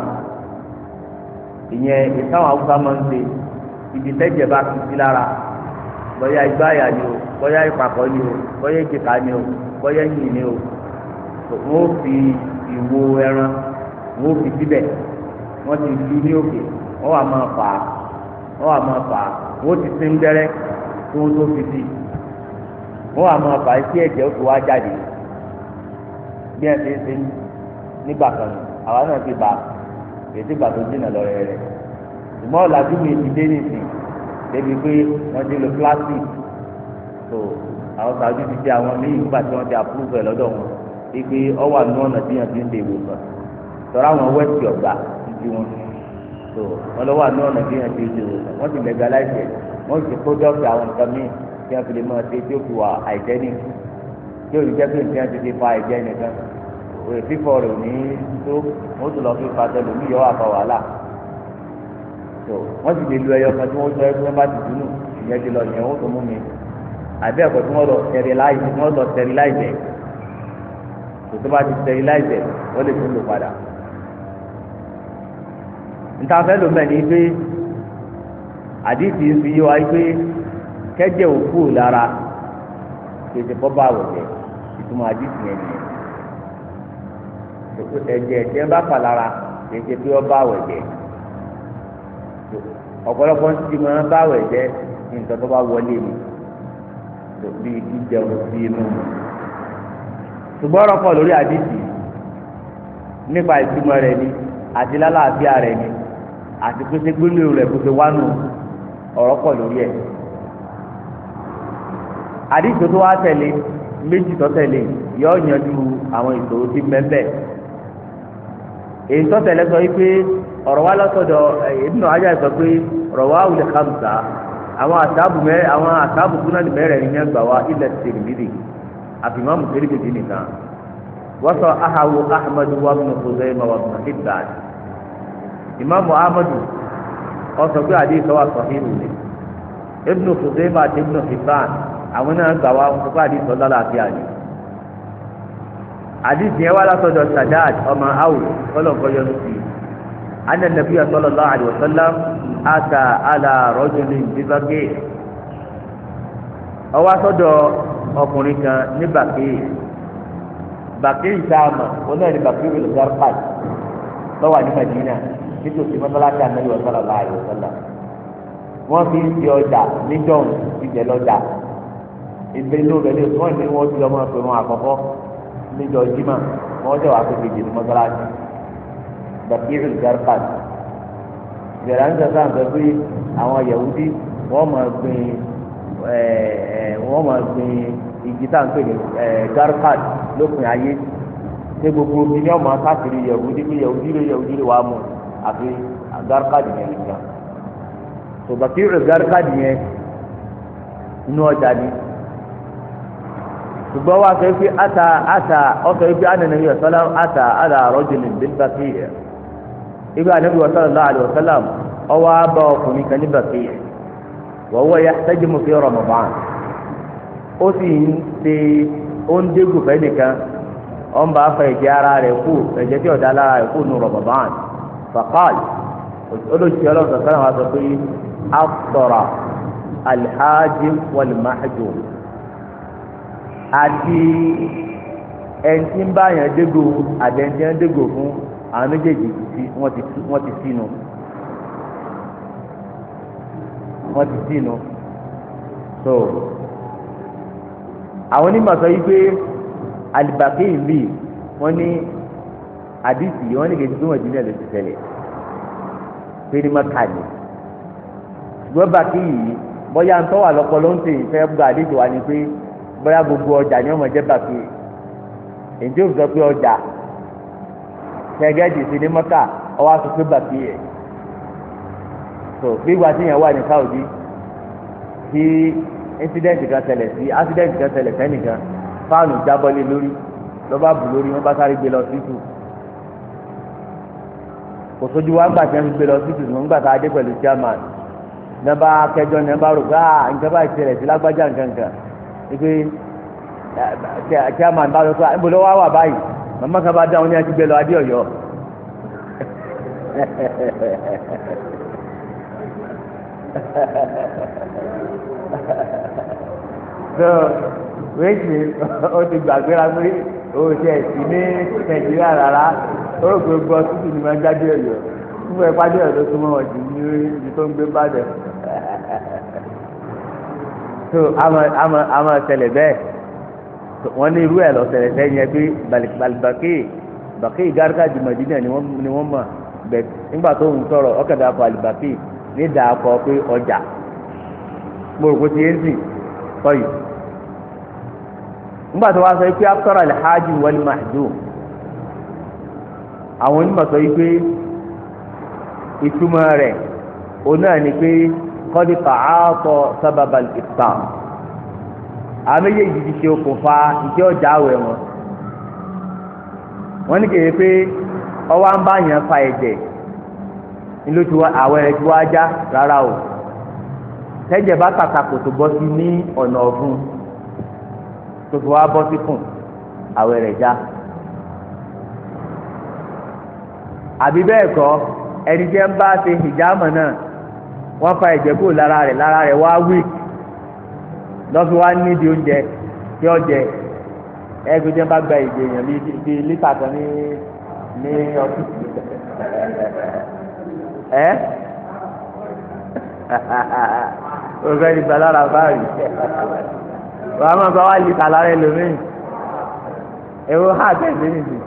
ìyẹn ìsáwọn Haúsá máa ń ṣe ibi tẹ́jẹ̀ bá ti sí lára bóyá igbáyà ni o bóyá ìpàkọ́ ni o bóyá ìjìká ni o bóyá ẹ̀yìn ni o wọ́n fi ìwo ẹran wọ́n fi síbẹ̀ wọ́n ti fi ní òkè wọ́n wà máa fà á wọ́n wà máa fà á wọ́n ti sin gbẹ́rẹ́ tó tó fi sí wọ́n wà máa fà á sí ẹ̀jẹ̀ ó fi wá jáde bí ẹ ti ṣe nígbà kan àwa náà ti bá ètí ìgbà tó dínà lọ rẹ̀ rẹ̀ ṣùgbọ́n ọ̀làjú mi ti dé nìsín débi pé wọ́n ti lo plastic so àwọn sàájú ti ṣe àwọn míì nígbà tí wọ́n ti approve ẹ̀ lọ́dọ̀ wọn wípé ọwọ́ àánú ọ̀nà tí yàn ti ń de ìwòsàn tọ́ra àwọn wẹ́ẹ̀tì ọ̀gbà títí wọn so wọ́n lọ́wọ́ àánú ọ̀nà tí yàn ti ń de ìwòsàn wọ́n ti legalize ẹ̀ wọ́n ti product àwọn nǹkan míì tí wọ́n fi lè máa ṣe tí ó fi wà hygienic tí ó lè jẹ́ pé nǹkan ti ti fa hygienic kan fífọ́ rẹ̀ ò ní tó wọ́n tún fi fa tẹlẹ̀ omi yọ tó wọ́n sì lè lu ẹyọ kan tí wọ́n sọ ẹgbẹ́ bá ti dùnú ìyẹn ti lọ ìyẹn wọ́n tó mú mi àbí ẹ̀kọ́ tí lọ sterilize tí lọ sterilize kò tó bá ti sterilize wọ́n lè tún lò padà. níta wa pé kẹ́jẹ́ òkú lára ìtumọ̀ àdìsí yẹn ẹ̀jẹ̀ ẹ̀jẹ̀ bá lára ọ̀pọ̀lọpọ̀ ti máa báwẹ̀ jẹ́ nǹkan tó bá wọlé mu bí jíjẹun sí inú mu ṣùgbọ́n ọ̀rọ̀ pọ̀ lórí àdìsí nípa ìtumọ̀ rẹ̀ ni àti lálàáfíà rẹ̀ ni àti pété gbólóhùn rẹ̀ kó ṣe wá nù ọ̀rọ̀ pọ̀ lórí ẹ̀ àdìsí tó wá tẹ̀lé méjì tó tẹ̀lé yọ yanjú àwọn ìṣòro tí mẹ́ńbẹ́ èyí tó tẹ̀lé sọ yìí pé. ọ̀rọ̀ wa lọ́sọ̀dọ̀ eh, ibùdó ajá ìgbà pé rọ̀wá wùlẹ̀ àwọn àtàbù mẹ́rẹ̀ àwọn àtàbù mẹ́rẹ̀ ni yẹn gbà wá ilẹ̀ nìkan wọ́n sọ wa ìmáàmù ahmadu pé sọ wà anna nabiya sallallahu alaihi wasallam ata ala rajulin bíbágé ọwọ́ asọ́dọ̀ ọkùnrin kan ní bàkì bàkì ìsáàmà wọn náà ní bàkì ìlú zarpat lọ́wọ́ ní Madina nítòsí mọ́tàláṣí ànábì sallallahu alaihi wasallam wọ́n fi ń ṣe ọjà níjọ́hún ìjẹ́ lọ́jà ìgbélé obìnrin kan ní wọ́n ti lọ́mọ pẹ̀lú àkọ́kọ́ níjọ́ jimá wọ́n jẹ́ wàá pé kejì ní mọ́tàláṣí bàkírù garqad ìbẹ̀rẹ̀ àwọn sọ̀tàn sọ pé àwọn yahudi wọ́n máa gbin wọ́n máa gbin igi tá à ń pè ní garqad lópin ayé ṣé gbogbo omi ni wọ́n máa káàkiri yahudi pé yahudi ló yahudi ló wàá mú àfi garqad yẹn nìkan tó bàkírù garqad yẹn inú ọjà ni ṣùgbọ́n wàá sọ pé ata ata ọ̀sọ̀ pé ànànà yìí ọ̀sọ́lá ata àdàrọ̀ jìnnì bí bàkírù yẹn ibi anabi wa sallallahu alayhi wa sallam ọwọ́ abá ọkùnrin kan ní bàtí yẹn wọ́n wọ́n yá sẹ́jú mo fi Ramadan ó sì ń ṣe ó ń dégùn fẹ́ nìkan ó ń bá fa ẹ̀jẹ̀ ara rẹ̀ kú ẹ̀jẹ̀ tí ọ̀dà ara rẹ̀ kú nu Ramadan fàkàlì olóòtú ọlọ́run sọ̀rọ̀ wa sọ pé afọ̀rọ̀ alhaji wàlmáhajù àti ẹni ń bá yẹn dégò àti ẹni ń dégò fún àwọn méjèèjì ti wọ́n ti wọ́n ti sínú wọ́n ti sínú so àwọn onímọ̀ sọ yí pé alibaki ìlú wọ́n ní àdìsí wọ́n ní kejì tó wọ́n jìnnà ló ti ṣẹlẹ̀ pé ní mọ́ta ni ṣùgbọ́n bàkí yìí bóyá ń tọ́wà lọ́pọ̀ ló ń tè fẹ́ gba àdìsí wa ni pé bóyá gbogbo ọjà ni wọ́n mọ̀ jẹ́ bàkí èyí tí ó sọ pé ọjà tẹ̀gẹ́dì sí ní mọ́kà ọwọ́ aṣọ pé bàbí yẹ so gbígbà tí yẹn wà ní Saudi tí incident kan ṣẹlẹ̀ sí accident kan ṣẹlẹ̀ sẹ́nìkan fáànù jábọ́lé lórí lọ́ba bù lórí wọn bá sáré gbé lọ sí tù kò sójú wa gbà tí wọn fi gbé lọ sí tù wọn gbà tá a dé pẹ̀lú chairman nàbà kẹjọ nàbà rò pé ah nǹkan bá ṣẹlẹ̀ sí lágbájá nǹkan kan ẹ pé eh, bá lọ sọ ẹ ń bọ̀ lọ́wọ́ wà báyìí màmá kan bá dá wọn ní àti gbẹlọ adé ọ̀yọ́ so wéjì ó ti gbàgbéra pé oṣù ẹ̀sìn ní nàìjíríà rárá ó rò pé gbọ́ tútù ni máa ń jáde ọ̀yọ́ fún ẹ̀ pàdé ọ̀dọ́ tó mọ̀ ọ̀dì ní ibi tó ń gbé bàdàn so àmọ̀ àmọ̀ àmọ̀ ṣẹlẹ̀ bẹ́ẹ̀ wọ́n ní irú ẹ̀ lọ́sẹ̀rẹ̀ sẹ́yìn yẹn pé balibaki baki garga di madina ni wọ́n mọ̀ bẹ́ẹ̀ nígbà tó ń sọ̀rọ̀ ọkẹ́ dàpọ̀ alibaki ní dàpọ̀ pé ọjà mo rò pé ti yé ń sìn tọ́yì nígbà tó wá sọ pé after alhaji wal mahjum àwọn onímọ̀ sọ pé ìtumọ̀ rẹ̀ òun náà ni pé kọ́dí pàápọ̀ sábàbà ìtàn àwọn méjèèjì ti ṣe okùnfà ìṣe ọjà àwẹ̀ wọn wọ́n ní kéde pé ọwọ́ ń bá yàn fa ẹ̀jẹ̀ ló ti wá àwẹ̀ rẹ̀ ti wá já rárá o tẹ́jẹ̀ bá kàkàkò tó bọ́ sí ní ọ̀nà ọ̀fun tó fi wá sí fún àwẹ̀ rẹ̀ já àbí bẹ́ẹ̀ kọ́ ẹni jẹ́ ń bá ṣe hìjámọ̀ náà wọ́n fa ẹ̀jẹ̀ kúrò lára rẹ̀ lára rẹ̀ wá wíìkì lọ́fi wá nídìí oúnjẹ tí ọ̀jẹ̀ ẹgbẹ́ jẹ́ bá gba ìgbé èèyàn bíi lítà kan ní ní ọ́fíìsì o òfin ìgbà lára báyìí wàá máa bá wá lítà lára ẹlòmíì ẹ̀rọ hà tẹ̀sí nìyí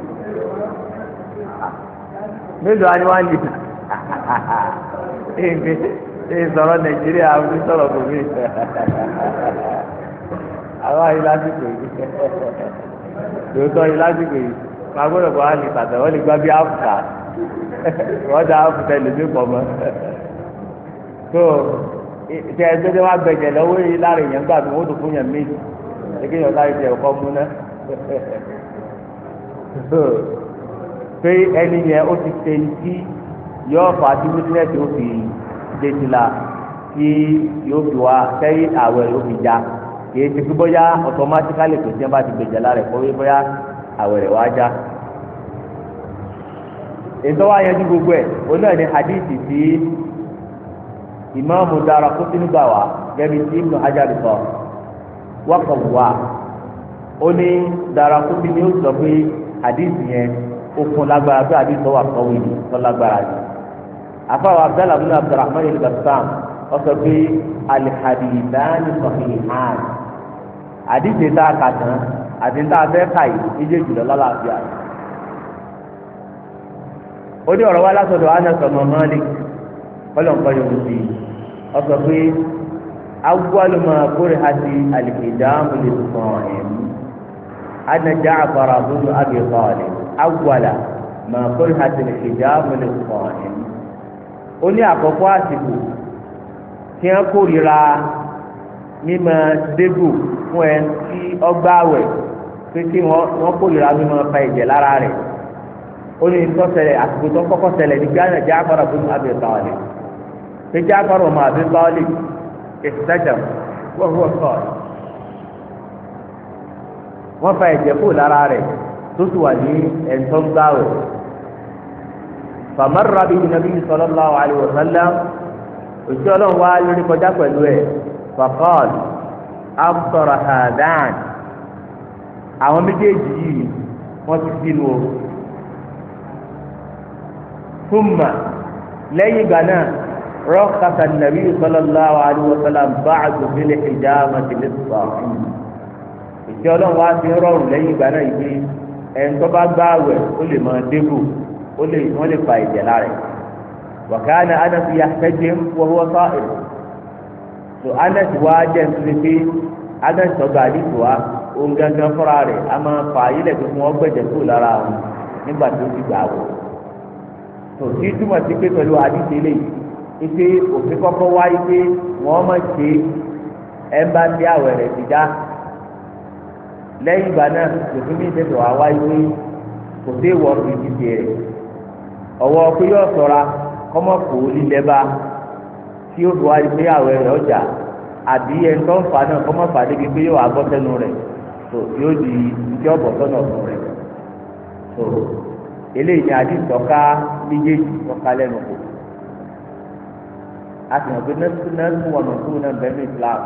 mélòó wá ní wá lítà ẹ̀ǹgbẹ́. ha ha ha ha ha ha àwọn ha ha yìí ha ha ha yìí máa ha ha àlè ha ha lè gbá bí ha ha ha ha lèmi ha ha tó tẹ ẹ ha ha ha ha yìí ha ha gbà mí ha tó fún ha mí ha ha ha tẹ ha mú ná pé ẹni yẹn ó ti ha ha yọ ha tí ha ha fi yìí. déjì la tí yóò fi wá sẹ́yìn àwẹ̀ yóò fi já kì í ti fi bóyá ọ̀tọ́mátíkálì kò sí ẹ̀ bá ti gbèjà lára ẹ̀ kó wí bóyá àwẹ̀ rẹ̀ wá já. ètò wa yanjú gbogbo ẹ̀ oní ẹ̀ ní hadithi tí ìmáàmù dára kó sínú gbà wá gẹ́bí tí ibùdó ajáde sọ wákọ̀ wá ó ní dára kó sínú yóò sọ pé hadithi yẹn ó fún lágbára pé hadithi tó wà kọ́wé tó lágbára yìí afáwọn abdallah bin abdulrahman al-bassam ọsọ pé alihadidani sahihan àdìsẹ tá a kà tán àti tá a fẹ́ kà yìí ìdí ìjùlọ lálàáfíà ó ní ọ̀rọ̀ wa látọ̀dọ̀ anasa mamali kọlọ̀nkọ́ yóò fi ọsọ pé awúwálùmọ̀ kórè àti alìkèdáàmù lè sàn ẹ̀mí anajà àfàrà àbúrò àbí ìfọ̀ọ̀lẹ̀ awúwálà mọ̀ kórè àti alìkèdáàmù lè sàn ẹ̀mí ó ní àkọ́kọ́ àsìkò tí wọ́n kórìíra mímọ dégò fún ẹ tí ọgbà wẹ̀ pé kí wọ́n kórìíra mímọ fa ẹ̀jẹ̀ lára rẹ̀ ó ní tó ṣẹlẹ̀ àsìkò tó kọ́kọ́ ṣẹlẹ̀ ní Ghana jẹ́ àkọ́rọ̀ fún Abi Talib pé jẹ́ àkọ́rọ̀ ọmọ Abi Talib ìsẹ́jẹ̀ wọ́n wọ́n sọ̀rọ̀ wọ́n fa ẹ̀jẹ̀ kó lára rẹ̀ tó sì wà ní ẹ̀ńtọ́gbà wẹ̀ fàmárà bíi nàbí sallallahu alaihi wa sallam òjì ọlọ́run wá lórí kọjá pẹ̀lú ẹ̀ fàkọ́ọ̀lù absara hadan àwọn méjèèjì yìí wọ́n ti sínú o túmà lẹ́yìn ìgbà náà rọ́kàtà nàbí sallallahu alaihi wa sallam báàgù bílẹ̀ ìjà àmàtìlẹ̀ sọ̀rọ̀ òjì ọlọ́run fi rọrùn lẹ́yìn ìgbà náà yìí ẹ̀ńtọ́ bá gbáwẹ̀ ó lè máa débò ó lè wọ́n lè fa ìjẹ̀ lára ẹ̀ wàkàna anas yà fẹ́jẹ̀ wọ́n wọ́n sọ èrò tó anas wá jẹ́ nítorí pé anas sọ̀gbà àdìgbò wa òun gangan fúnra rẹ̀ a máa fa ayílẹ̀ tó fún wọn gbẹ̀jẹ̀ kúrò lára wọn nígbà tó ti gbà wọ̀ tó tí túmọ̀ sí pé pẹ̀lú àdìgbò eléyìí ipe òfin kọ́kọ́ wá ipe wọ́n máa ṣe ẹ̀ ti àwẹ̀ rẹ̀ ti dá lẹ́yìn ìgbà náà òfin mi ìṣẹ̀tọ̀ wá wá ipe kò sí ìwọ ọwọ́ pé yóò sọ̀ra kọ́mọ́ kò lílẹ̀ bá tí ó wá pé àwẹ̀ rẹ̀ ọjà àbí ẹni tó ń fa náà kọ́mọ́ fà débi pé yóò wá bọ́ sẹ́nu rẹ̀ tó yóò di ìdí ọ̀bọ̀ sọ́nà ọ̀sán rẹ̀ tó eléyìí ni àdí ìtọ́ká méjèèjì tọ́ka lẹ́nu kò a sì mọ̀ pé nẹ́ẹ̀sì wọn ò kúrò náà bẹ́ẹ̀ ní Islam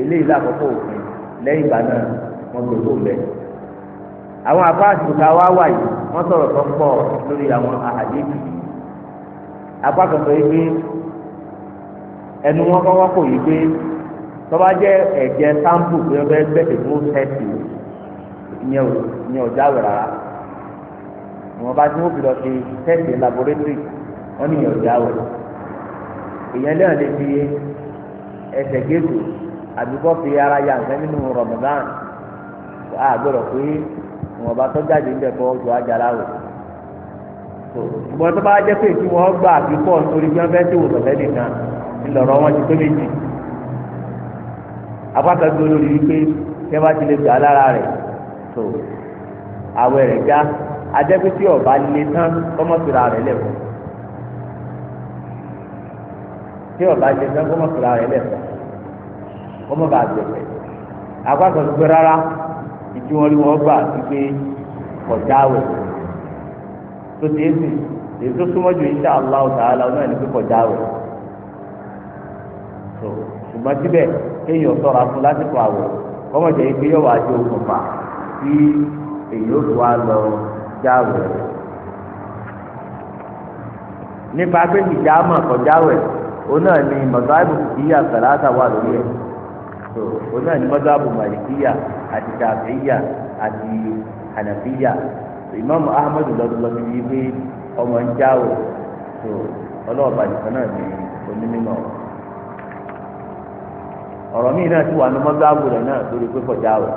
eléyìí lákòókò òfin lẹ́yìn ìgbà náà wọ́n gbogbo bẹ́ẹ̀ àwọn àbáàsì ká wá wà yìí wọ́n sọ̀rọ̀ tó pọ̀ lórí àwọn àhàdìsì apá kan sọ yìí pé ẹnu wọn kọ́kọ́ kò yìí pé tọ́ba jẹ́ ẹ̀jẹ̀ sáǹpù pé ọbẹ̀ gbẹ̀dẹ̀ fún tẹ́sì ìyẹn ò ìyẹn ò jáwé rárá ìwọ̀n bá tí wọ́n fi lọ ṣe tẹ́sì laboratory wọ́n ní ìyẹn ò jáwé èèyàn lẹ́yìn lè fi ẹsẹ̀ gégùn àbíkọ́ fi ara ya nǹkan nínú Ramadan àgbẹ̀rọ̀ pé wọn bá tó jáde ń bẹ fọ ojú ajala o ṣùgbọ́n tó bá jẹ́ pé kí wọ́n gbà àbí pọ̀ nítorí bí wọ́n fẹ́ tó wòsàn lẹ́nu kan ńlọrọ wọn ti tó méjì apákan gbé olórí wípé kí wọ́n bá ti lè gbà lára rẹ̀ tó àwẹ̀ rẹ̀ já adẹ́gbẹ́ tí ọba lè tán kọ́mọ́sọ̀rọ̀ rẹ̀ lẹ́kọ̀ọ́ tí ọba lè tán kọ́mọ́sọ̀rọ̀ rẹ̀ lẹ́kọ̀ọ́ kọ́mọ́ bá gbẹ̀gbẹ̀ apákan rárá ìtí wọn rí wọn gbà wípé kọjá wẹ tó ti èsì èyí tó súnmọ́ ju insha Allah ta'ala ọ̀nà ẹni pé kọjá wẹ tó ṣùgbọ́n síbẹ̀ kéèyàn ṣọ́ra fún lásìkò àwẹ̀ kọ́mọ̀jà yìí pé yọ̀wọ̀ àti òkùnfà tí èyí ó tó wá lọ jáwé rẹ̀ nípa pé ìjà àmọ̀ kọjá wẹ̀ òun náà ni mọ̀sáìbù kìí àtàlátà wà lórí ẹ̀ so òun náà ní mọ́sáàbù màlìkíyà àti tàbíyà àti hànàfíyà so ìmáàmù ahmadu lọ́dọọdọ ti wí pé ọmọ ń já o so ọlọ́ọ̀bà nìkan náà ní onímọ̀ ọ̀rọ̀ míì náà ti wà ní mọ́sáàbù rẹ̀ náà lórí pé kọjá o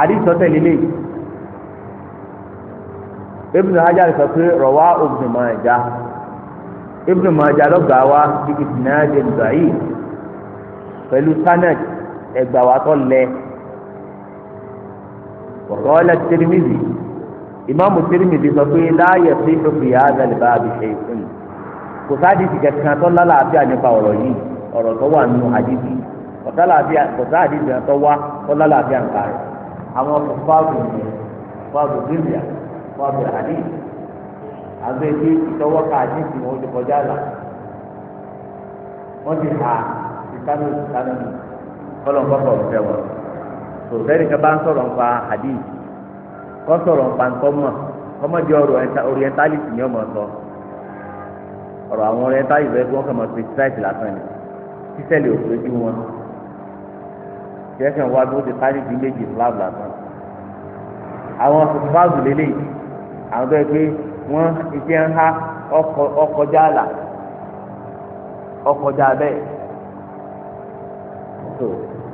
àdìsọ́tẹ̀ lélẹ́yìí ibn hajar sọ pé rọwá ibn Majah ibn Majah lọ́gàá wa bí kìtìnnà jẹ́ nìgbà yìí pẹ̀lú sanad ẹgbà wa tọ́ lẹ ọ̀rọ̀lẹ̀ Tirmidhi ìmáàmù Tirmidhi sọ pé láàyè sí ìfòkè ààrẹ lè bá a bìṣe ìfún kò sáàdì sì kẹsàn-án tó lálàáfíà nípa ọ̀rọ̀ yìí ọ̀rọ̀ tó wà nínú àdìsí kò sáàdì sì tó wá tó lálàáfíà nǹkan rẹ̀ àwọn ọkọ̀ fáàbù nìyẹn fáàbù bíbíà fáàbù àdìsí àgbẹ̀ ilé ìtọ́wọ́ ká àdìsí wọn ti kọjá là wọ́n ti hà á kánú kánú kọlọ̀ǹkọ́ kọ̀ fẹ́ wọn So sẹ́ni kan bá ń sọ̀rọ̀ nípa àdìs kọ́ sọ̀rọ̀ nípa nkọ́mọ̀ kọ́mọ̀dé ọ̀rọ̀ orientalist ni ọmọ sọ ọ̀rọ̀ àwọn orientalist rẹ̀ wọ́n kàn mọ̀ criticize lásán ni sísẹ́lì di wọn jẹ́kẹ̀ wá bí wọ́n ti parí di méjì slab lásán àwọn slab lélẹ́yìí àwọn tó yẹ pé wọ́n iṣẹ́ ń há ọkọjá àlà ọkọjá so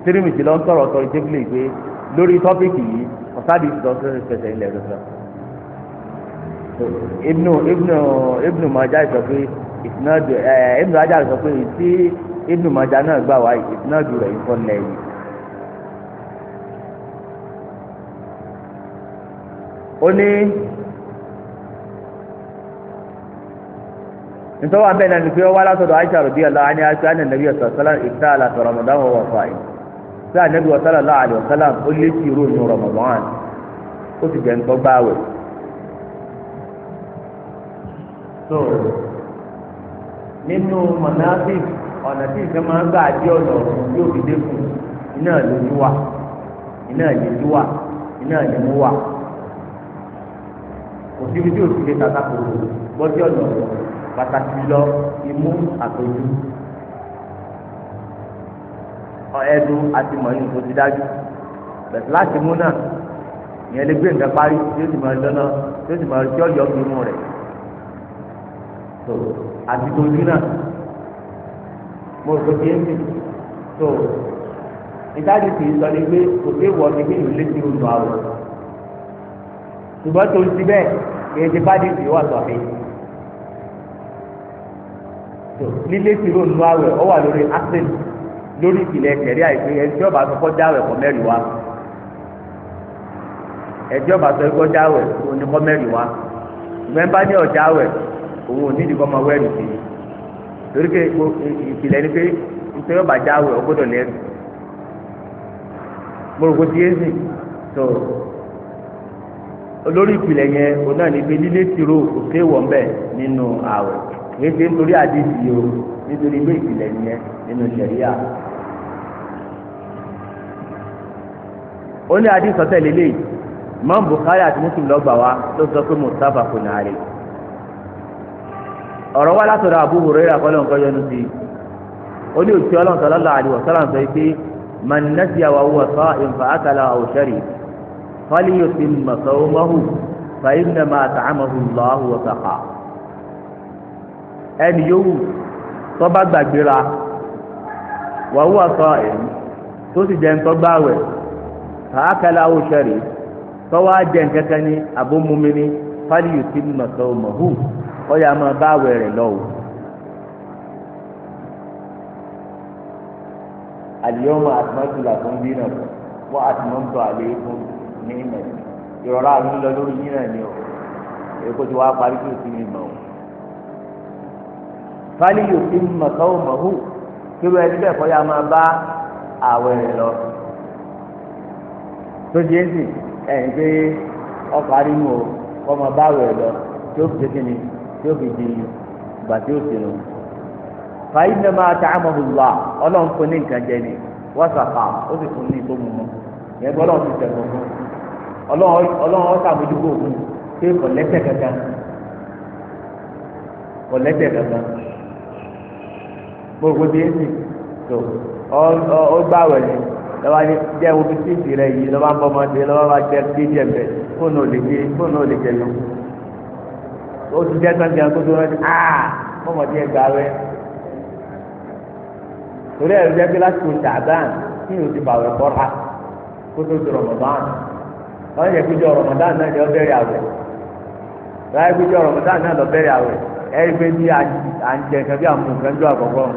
tirimiti lọ ń sọ̀rọ̀ ọ̀tọ̀rọ̀ jébìlì pé lórí tọ́pìkì yìí ọ̀sáàdì ìsìtọ́ fẹsẹ̀ ńlẹ̀ lọ́sọ̀ ibnu ibnu ibnu maja sọ pé ìsinadu ẹ ibnu ajá sọ pé tí ibnu maja náà gbà wá ìsinadu rẹ̀ ń fọ́ lẹ́yìn. ó ní. nítorí wọn bẹ́ẹ̀ náà ni pé wọ́n wá látọ̀dọ̀ aisha rọ̀bí ọ̀la á ní aisha ní nàbí ọ̀sán sálá ìta àlà tó ramadan wọ̀ wọ̀fà yìí sí ànábì ọ̀sán àlà àlè ọ̀sán ó lé sí irú òyìn ramadan ó ti jẹ́ nǹkan gbáwẹ̀. so nínú monafik ọ̀nà tí ìfẹ́ máa ń gbà dé ọ̀nà ọ̀run yóò fi dékun iná lójú wa iná lójú wa iná lójú wa kò síbi tí ò pàtàkì lọ imú àtọjú ẹnu àti mọ̀nyìn tó ti dájú bẹ̀rẹ̀ láti mú náà ìyẹn lè gbé nǹkan parí tí ó sì máa lọ́nà tí ó sì máa tí ó yọ ọ́ imú rẹ̀ tó àti tojú náà mo rò pé kí n bì tó ìdájú kì í sọ ni pé kò sí ìwọ ni bí ìlú létí oṣù àwọ̀ ṣùgbọ́n tó ti bẹ́ẹ̀ kì í ti bá dìbò wà sọ̀rọ̀ lílé tìró nù awẹ ọ wà lórí asin lórí ìpìlẹ̀ kẹrí àìpé ẹjẹ ọba sọ kọjá awẹ kọ mẹ́rin wa ẹjẹ ọba sọ kọjá awẹ òní kọ mẹ́rin wa mẹba ní ọjà awẹ òun ò ní ìdíkọ ọmọ wẹrin sí torí pé ìpìlẹ̀ ni pé nítorí ọba já awẹ ọgbọ́dọ̀ lẹ́rù mo rò pé díẹ̀ sì tó olórí ìpìlẹ̀ yẹn òun náà ní pé lílé tìró òkè wọ̀ ń bẹ̀ nínú awẹ kìí ṣe nítorí àdìsí o nítorí ilé ìpìlẹ̀ nìyẹn nínú ṣẹ̀ríà. ó ní àdìsí ọ̀tẹ̀ lélẹ̀ mọ́n Bukhari àti Muslim lọ́gbà wa ló sọ pé mustapha kò náà rè ọ̀rọ̀ wa látọ̀dọ̀ Abu Hurairah kọ́lọ́ nǹkan yọnu sí i ó ní òtí ọlọ́run sallallahu alaihi wasallam sọ pé man nasiya wa huwa sa'im fa akala aw shariba falyutimma sawmahu fa innama at'amahu Allahu wa ẹni yòówù Gbagbira, bá gbàgbéra wàhùwà sọ èyí tó sì jẹ́ ńtọ́ gbáwẹ̀ fàákàlà àwòṣẹ́rì tọ́wọ́ ajẹ́ nkẹ́kẹ́ ní ní fáliyù tí mo sọ mọ̀hù ọ̀yà máa bá àwẹ̀ rẹ̀ lọ́wọ́. àlìyọ́mọ àtìmọ́tìlá tó ń dínà wọ́n àtìmọ́tò àléékún ní ìmọ̀ lọ lórí yín o èkó parí o. fáliyò tí ń mọ̀ tọ́wọ́ mọ̀ hù ẹni bẹ́ẹ̀ kọ́ ya máa bá àwẹ̀ rẹ̀ lọ. tó di èsì ẹ̀yìn pé ọkọ̀ arínú o kọ́ máa bá lọ tí ó fi ṣe kíni tí ó fi di ìgbà tí ó lọ. máa ta àmọ́ ọlọ́run fún ní nǹkan jẹ ni wọ́n sàkà ó sì fún ní yẹn ti mo rò pé bí ọ tó ó gbàwẹ̀ ni lọ́wọ́ wo bí síìtì rẹ yìí lọ́wọ́ bọ́ ọmọdé lọ́wọ́ bá jẹ́ kéjì ẹ̀fẹ̀ fóònù jẹ fóònù jẹ ti aa ẹgbà torí pé lásìkò kí ni o ti bàwẹ̀ kọ́ra kó tó ti rọ̀mọ̀dán. wọ́n yẹ kíjọ rọ̀mọ̀dán náà náà pé bí ń jẹ nǹkan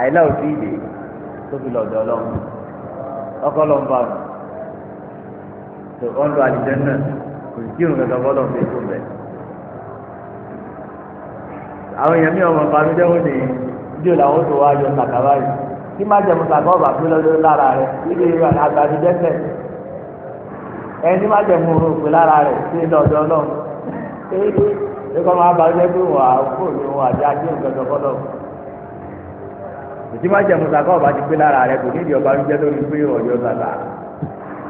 àyìnlá ò sí ìdè tó fi lọ́dọ̀ ọlọ́run ọkọ ló ń bá mi tó ọ́n lo àlìjẹ́ náà kò sí òun kankan bọ́ fi kó bẹ̀. àwọn èèyàn mi ọmọ bá mi jẹ́wọ́ ní bí òun làwọn tó wá yọ sàkàrà yìí kí má jẹ́ musa kọ́ bàbá mi lọ́dọ̀ lára rẹ̀ ìwà ètí má jẹun sàkà ọba ti pé lára rẹ kò nídìí ọba rújẹ lórí pé ọyọ sàkà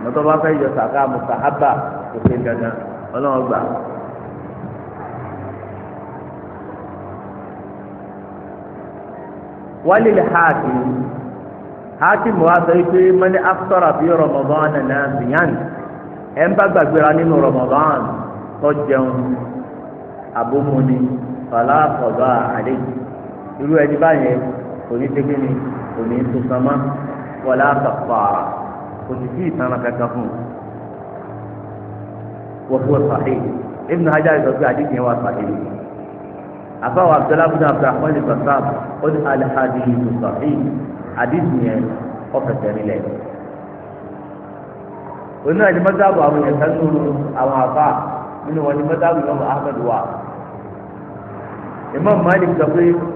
mọtò bá fẹ́ yọ sàkà mùsàhábà kò pé dandan Ọlọ́run gbà. wálé lè ha àti hati mu asa yi pé mani aftara fi Ramadan na ziyan ẹ ń bá gbàgbéra nínú Ramadan tó jẹun abomoni fàlà kọba àlè irú ẹni báyẹn òní tẹ́gbẹ́ ni òní tó sánmá wọlé àtàkpàrà kò sì sí ìtànà kankan fún un wọ́n fún ọ̀sàhìn ibùdó hajj àti sọ̀tún àdìgbò yẹn wà sàhìn àbáwọ̀ abdullahi bin abdulrahman bin sasab ó ní alihadi bin sàhìn àdìgbò yẹn ọ̀fẹ̀sẹ̀ nílẹ̀ onú àti mọ́tàbù àwọn èèyàn nínú àwọn àbá nínú wọn ni mọ́tàbù yọ̀ọ́ ahmed wà imam malik sọ pé.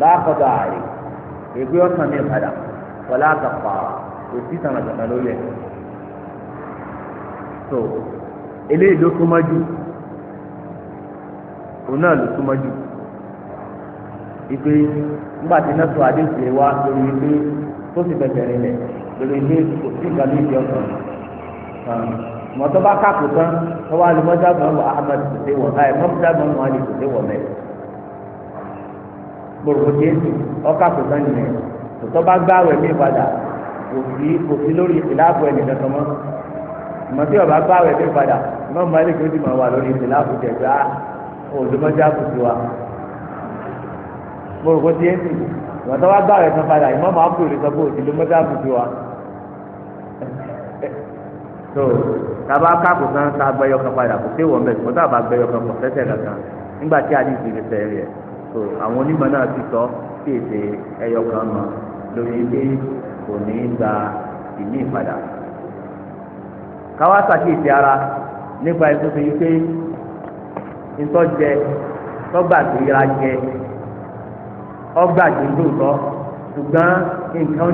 láàkọ̀dọ̀ àárẹ̀ ègbé ọ̀sán mi padà wọlé àgàpà kò sí tànàtànà lórí ẹ̀ so eléyìí ló súnmọ́ jù òun náà ló súnmọ́ jù ìpè nígbà tí nọ́ọ̀sì adéṣe wa lórí ilé tó sì bẹ̀bẹ̀ rinlẹ̀ lórí ilé kò sí ìgbà lórí ìdí ọ̀sán mọ̀tọ́ bá káàkó tán wọ́n wá lè mọ́tàgbọ́n wọ ahmed kò sí wọ̀ ẹ̀ mọ́tàgbọ́n wọ́n á lè kò sí wọ̀ mẹ́rin. gbòrògbòdì èsì ọkà kò sàn nìyẹn tòtọ́ bá gbá àwẹ̀ mí padà kò sí lórí ìtìláàbù ẹ̀ ọba gbá àwẹ̀ mí padà mọ́ mọ́lẹ́kì ó ti mọ̀ wà lórí ìtìláàbù jẹ̀gbá ah, òdòmọ́tì àkùsù wa bá gbá padà wa tó tàbá kan padà kò sí so àwọn onímọ̀ náà ti sọ sí èdè ẹyọ kan mọ lórí pé kò ní í gba ìní ìpadà káwá sàkíyèsí ara nípa ètò fi pé ntọ́jẹ tọ́gbà tó yára jẹ ọgbà tó ń lòótọ́ ṣùgbọ́n nǹkan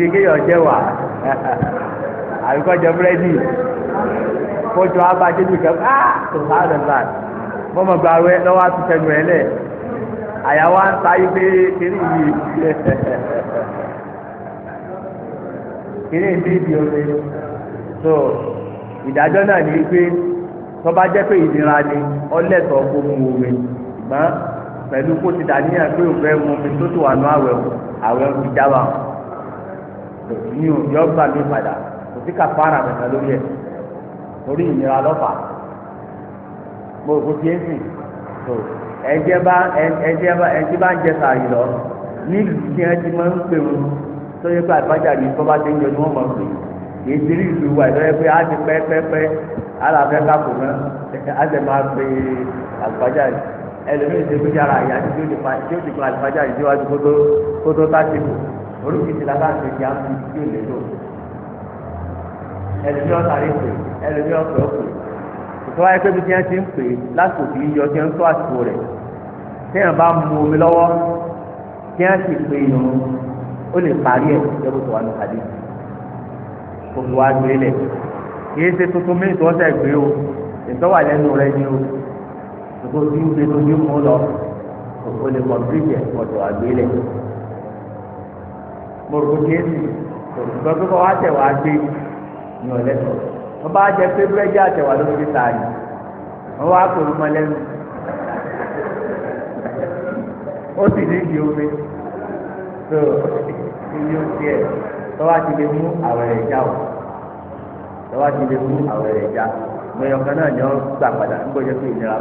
nídìí àbíkọ́jọ búrẹ́dì kójú abájẹ́jù kẹ́ ah, á tó bá rẹ̀ bá mọ́mọ́ gba awẹ́ lọ́wọ́ àtúntẹ̀nu ẹ̀ lẹ̀ àyàwó à ń ta pé kiri yìí kiri yìí bíi omi so ìdájọ́ náà ní pé tọ́ba jẹ́ pé ìdíra ni ọlẹ́tọ̀ọ́ kó mu omi ṣùgbọ́n pẹ̀lú kó ti dàníyàn pé òun fẹ́ mu omi tó ti wà nù àwẹ̀ àwẹ̀ òun ti wa ní òun gbà mí padà sí kàfàrà kankan lórí ẹ̀ torí ìnira lọ́fà mo kò tiẹ̀ sìn tó ẹ̀jẹ̀ bá ẹ̀jẹ̀ bá ẹ̀jẹ̀ bá ń jẹ sàárì lọ nílùú tí wọ́n ti máa ń pè wọ́n tó yẹ pé àbájá ní tọ́ba ti ń yọ ni wọ́n máa ń pè é ìdírí ìlú wa ìlọ́yẹ pé á ti pẹ́ pẹ́ pẹ́ alàfẹ́ kápò náà á sì máa pe àbájá yìí ẹlòmíì ṣe gbé yàrá àyà tí ó ti pa tí ó ti pa àlùfájà yìí síwájú kótó kótó tá ti kù oríṣiríṣi la bá ń ṣe kí á fi tí ó lè lò ẹlòmí ọ̀sàrí pè ẹlòmí ọ̀pẹ ọ̀pẹ ìfọwọ́ ayé pé bí tiẹ́ ti ń pè lásìkò kì í yọ tiẹ́ ń tó àsìkò rẹ̀ téèyàn bá mu omi lọ́wọ́ tiẹ́ sì pè é yòó ó lè parí ẹ̀ lọ́wọ́ tó wà ní kàdé kò tó wá gbé lẹ̀ kìí ṣe tuntun mí tó ṣẹ̀ gbé o ìtọ́wà lẹ́nu rẹ ni o kò tó ń gbé lójú mú lọ kò lè kọ̀ bí jẹ̀ kò tó wá gbé lẹ̀ mo rò ó kìí sì kò tó kọ́ wá tẹ̀ wá gbé. ní ọ̀lẹ́sọ̀ wọ́n bá jẹ pé búrẹ́dì àtẹ̀wà lórí ti tààyè wọ́n wá pẹ̀lú mọ́ lẹ́nu ó sì ní ibi omi tó ẹ̀ o tọ́wá ti lè mú àwọn ẹ̀rẹ̀ já gbẹ̀yọ̀ kan náà ni wọ́n gbà padà ń gbọ́dọ̀ pé ìnira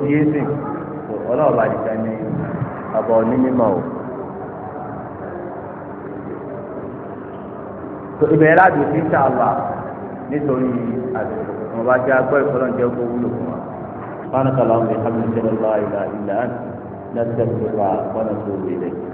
ti yé ọlọ́ọ̀bá nìkan ni ọ̀bọ̀ o. tó ibẹ̀ láti fi ń sàlà nítorí àdúgbò wọn bá jẹ́ agbọ́ ìfọlọ́n jẹ́ kó wúlò fún wa. sọ́nà kàlọ́ mi hàmì ìlà ìlà náà ṣẹlẹ̀ fún wa wọ́n náà tó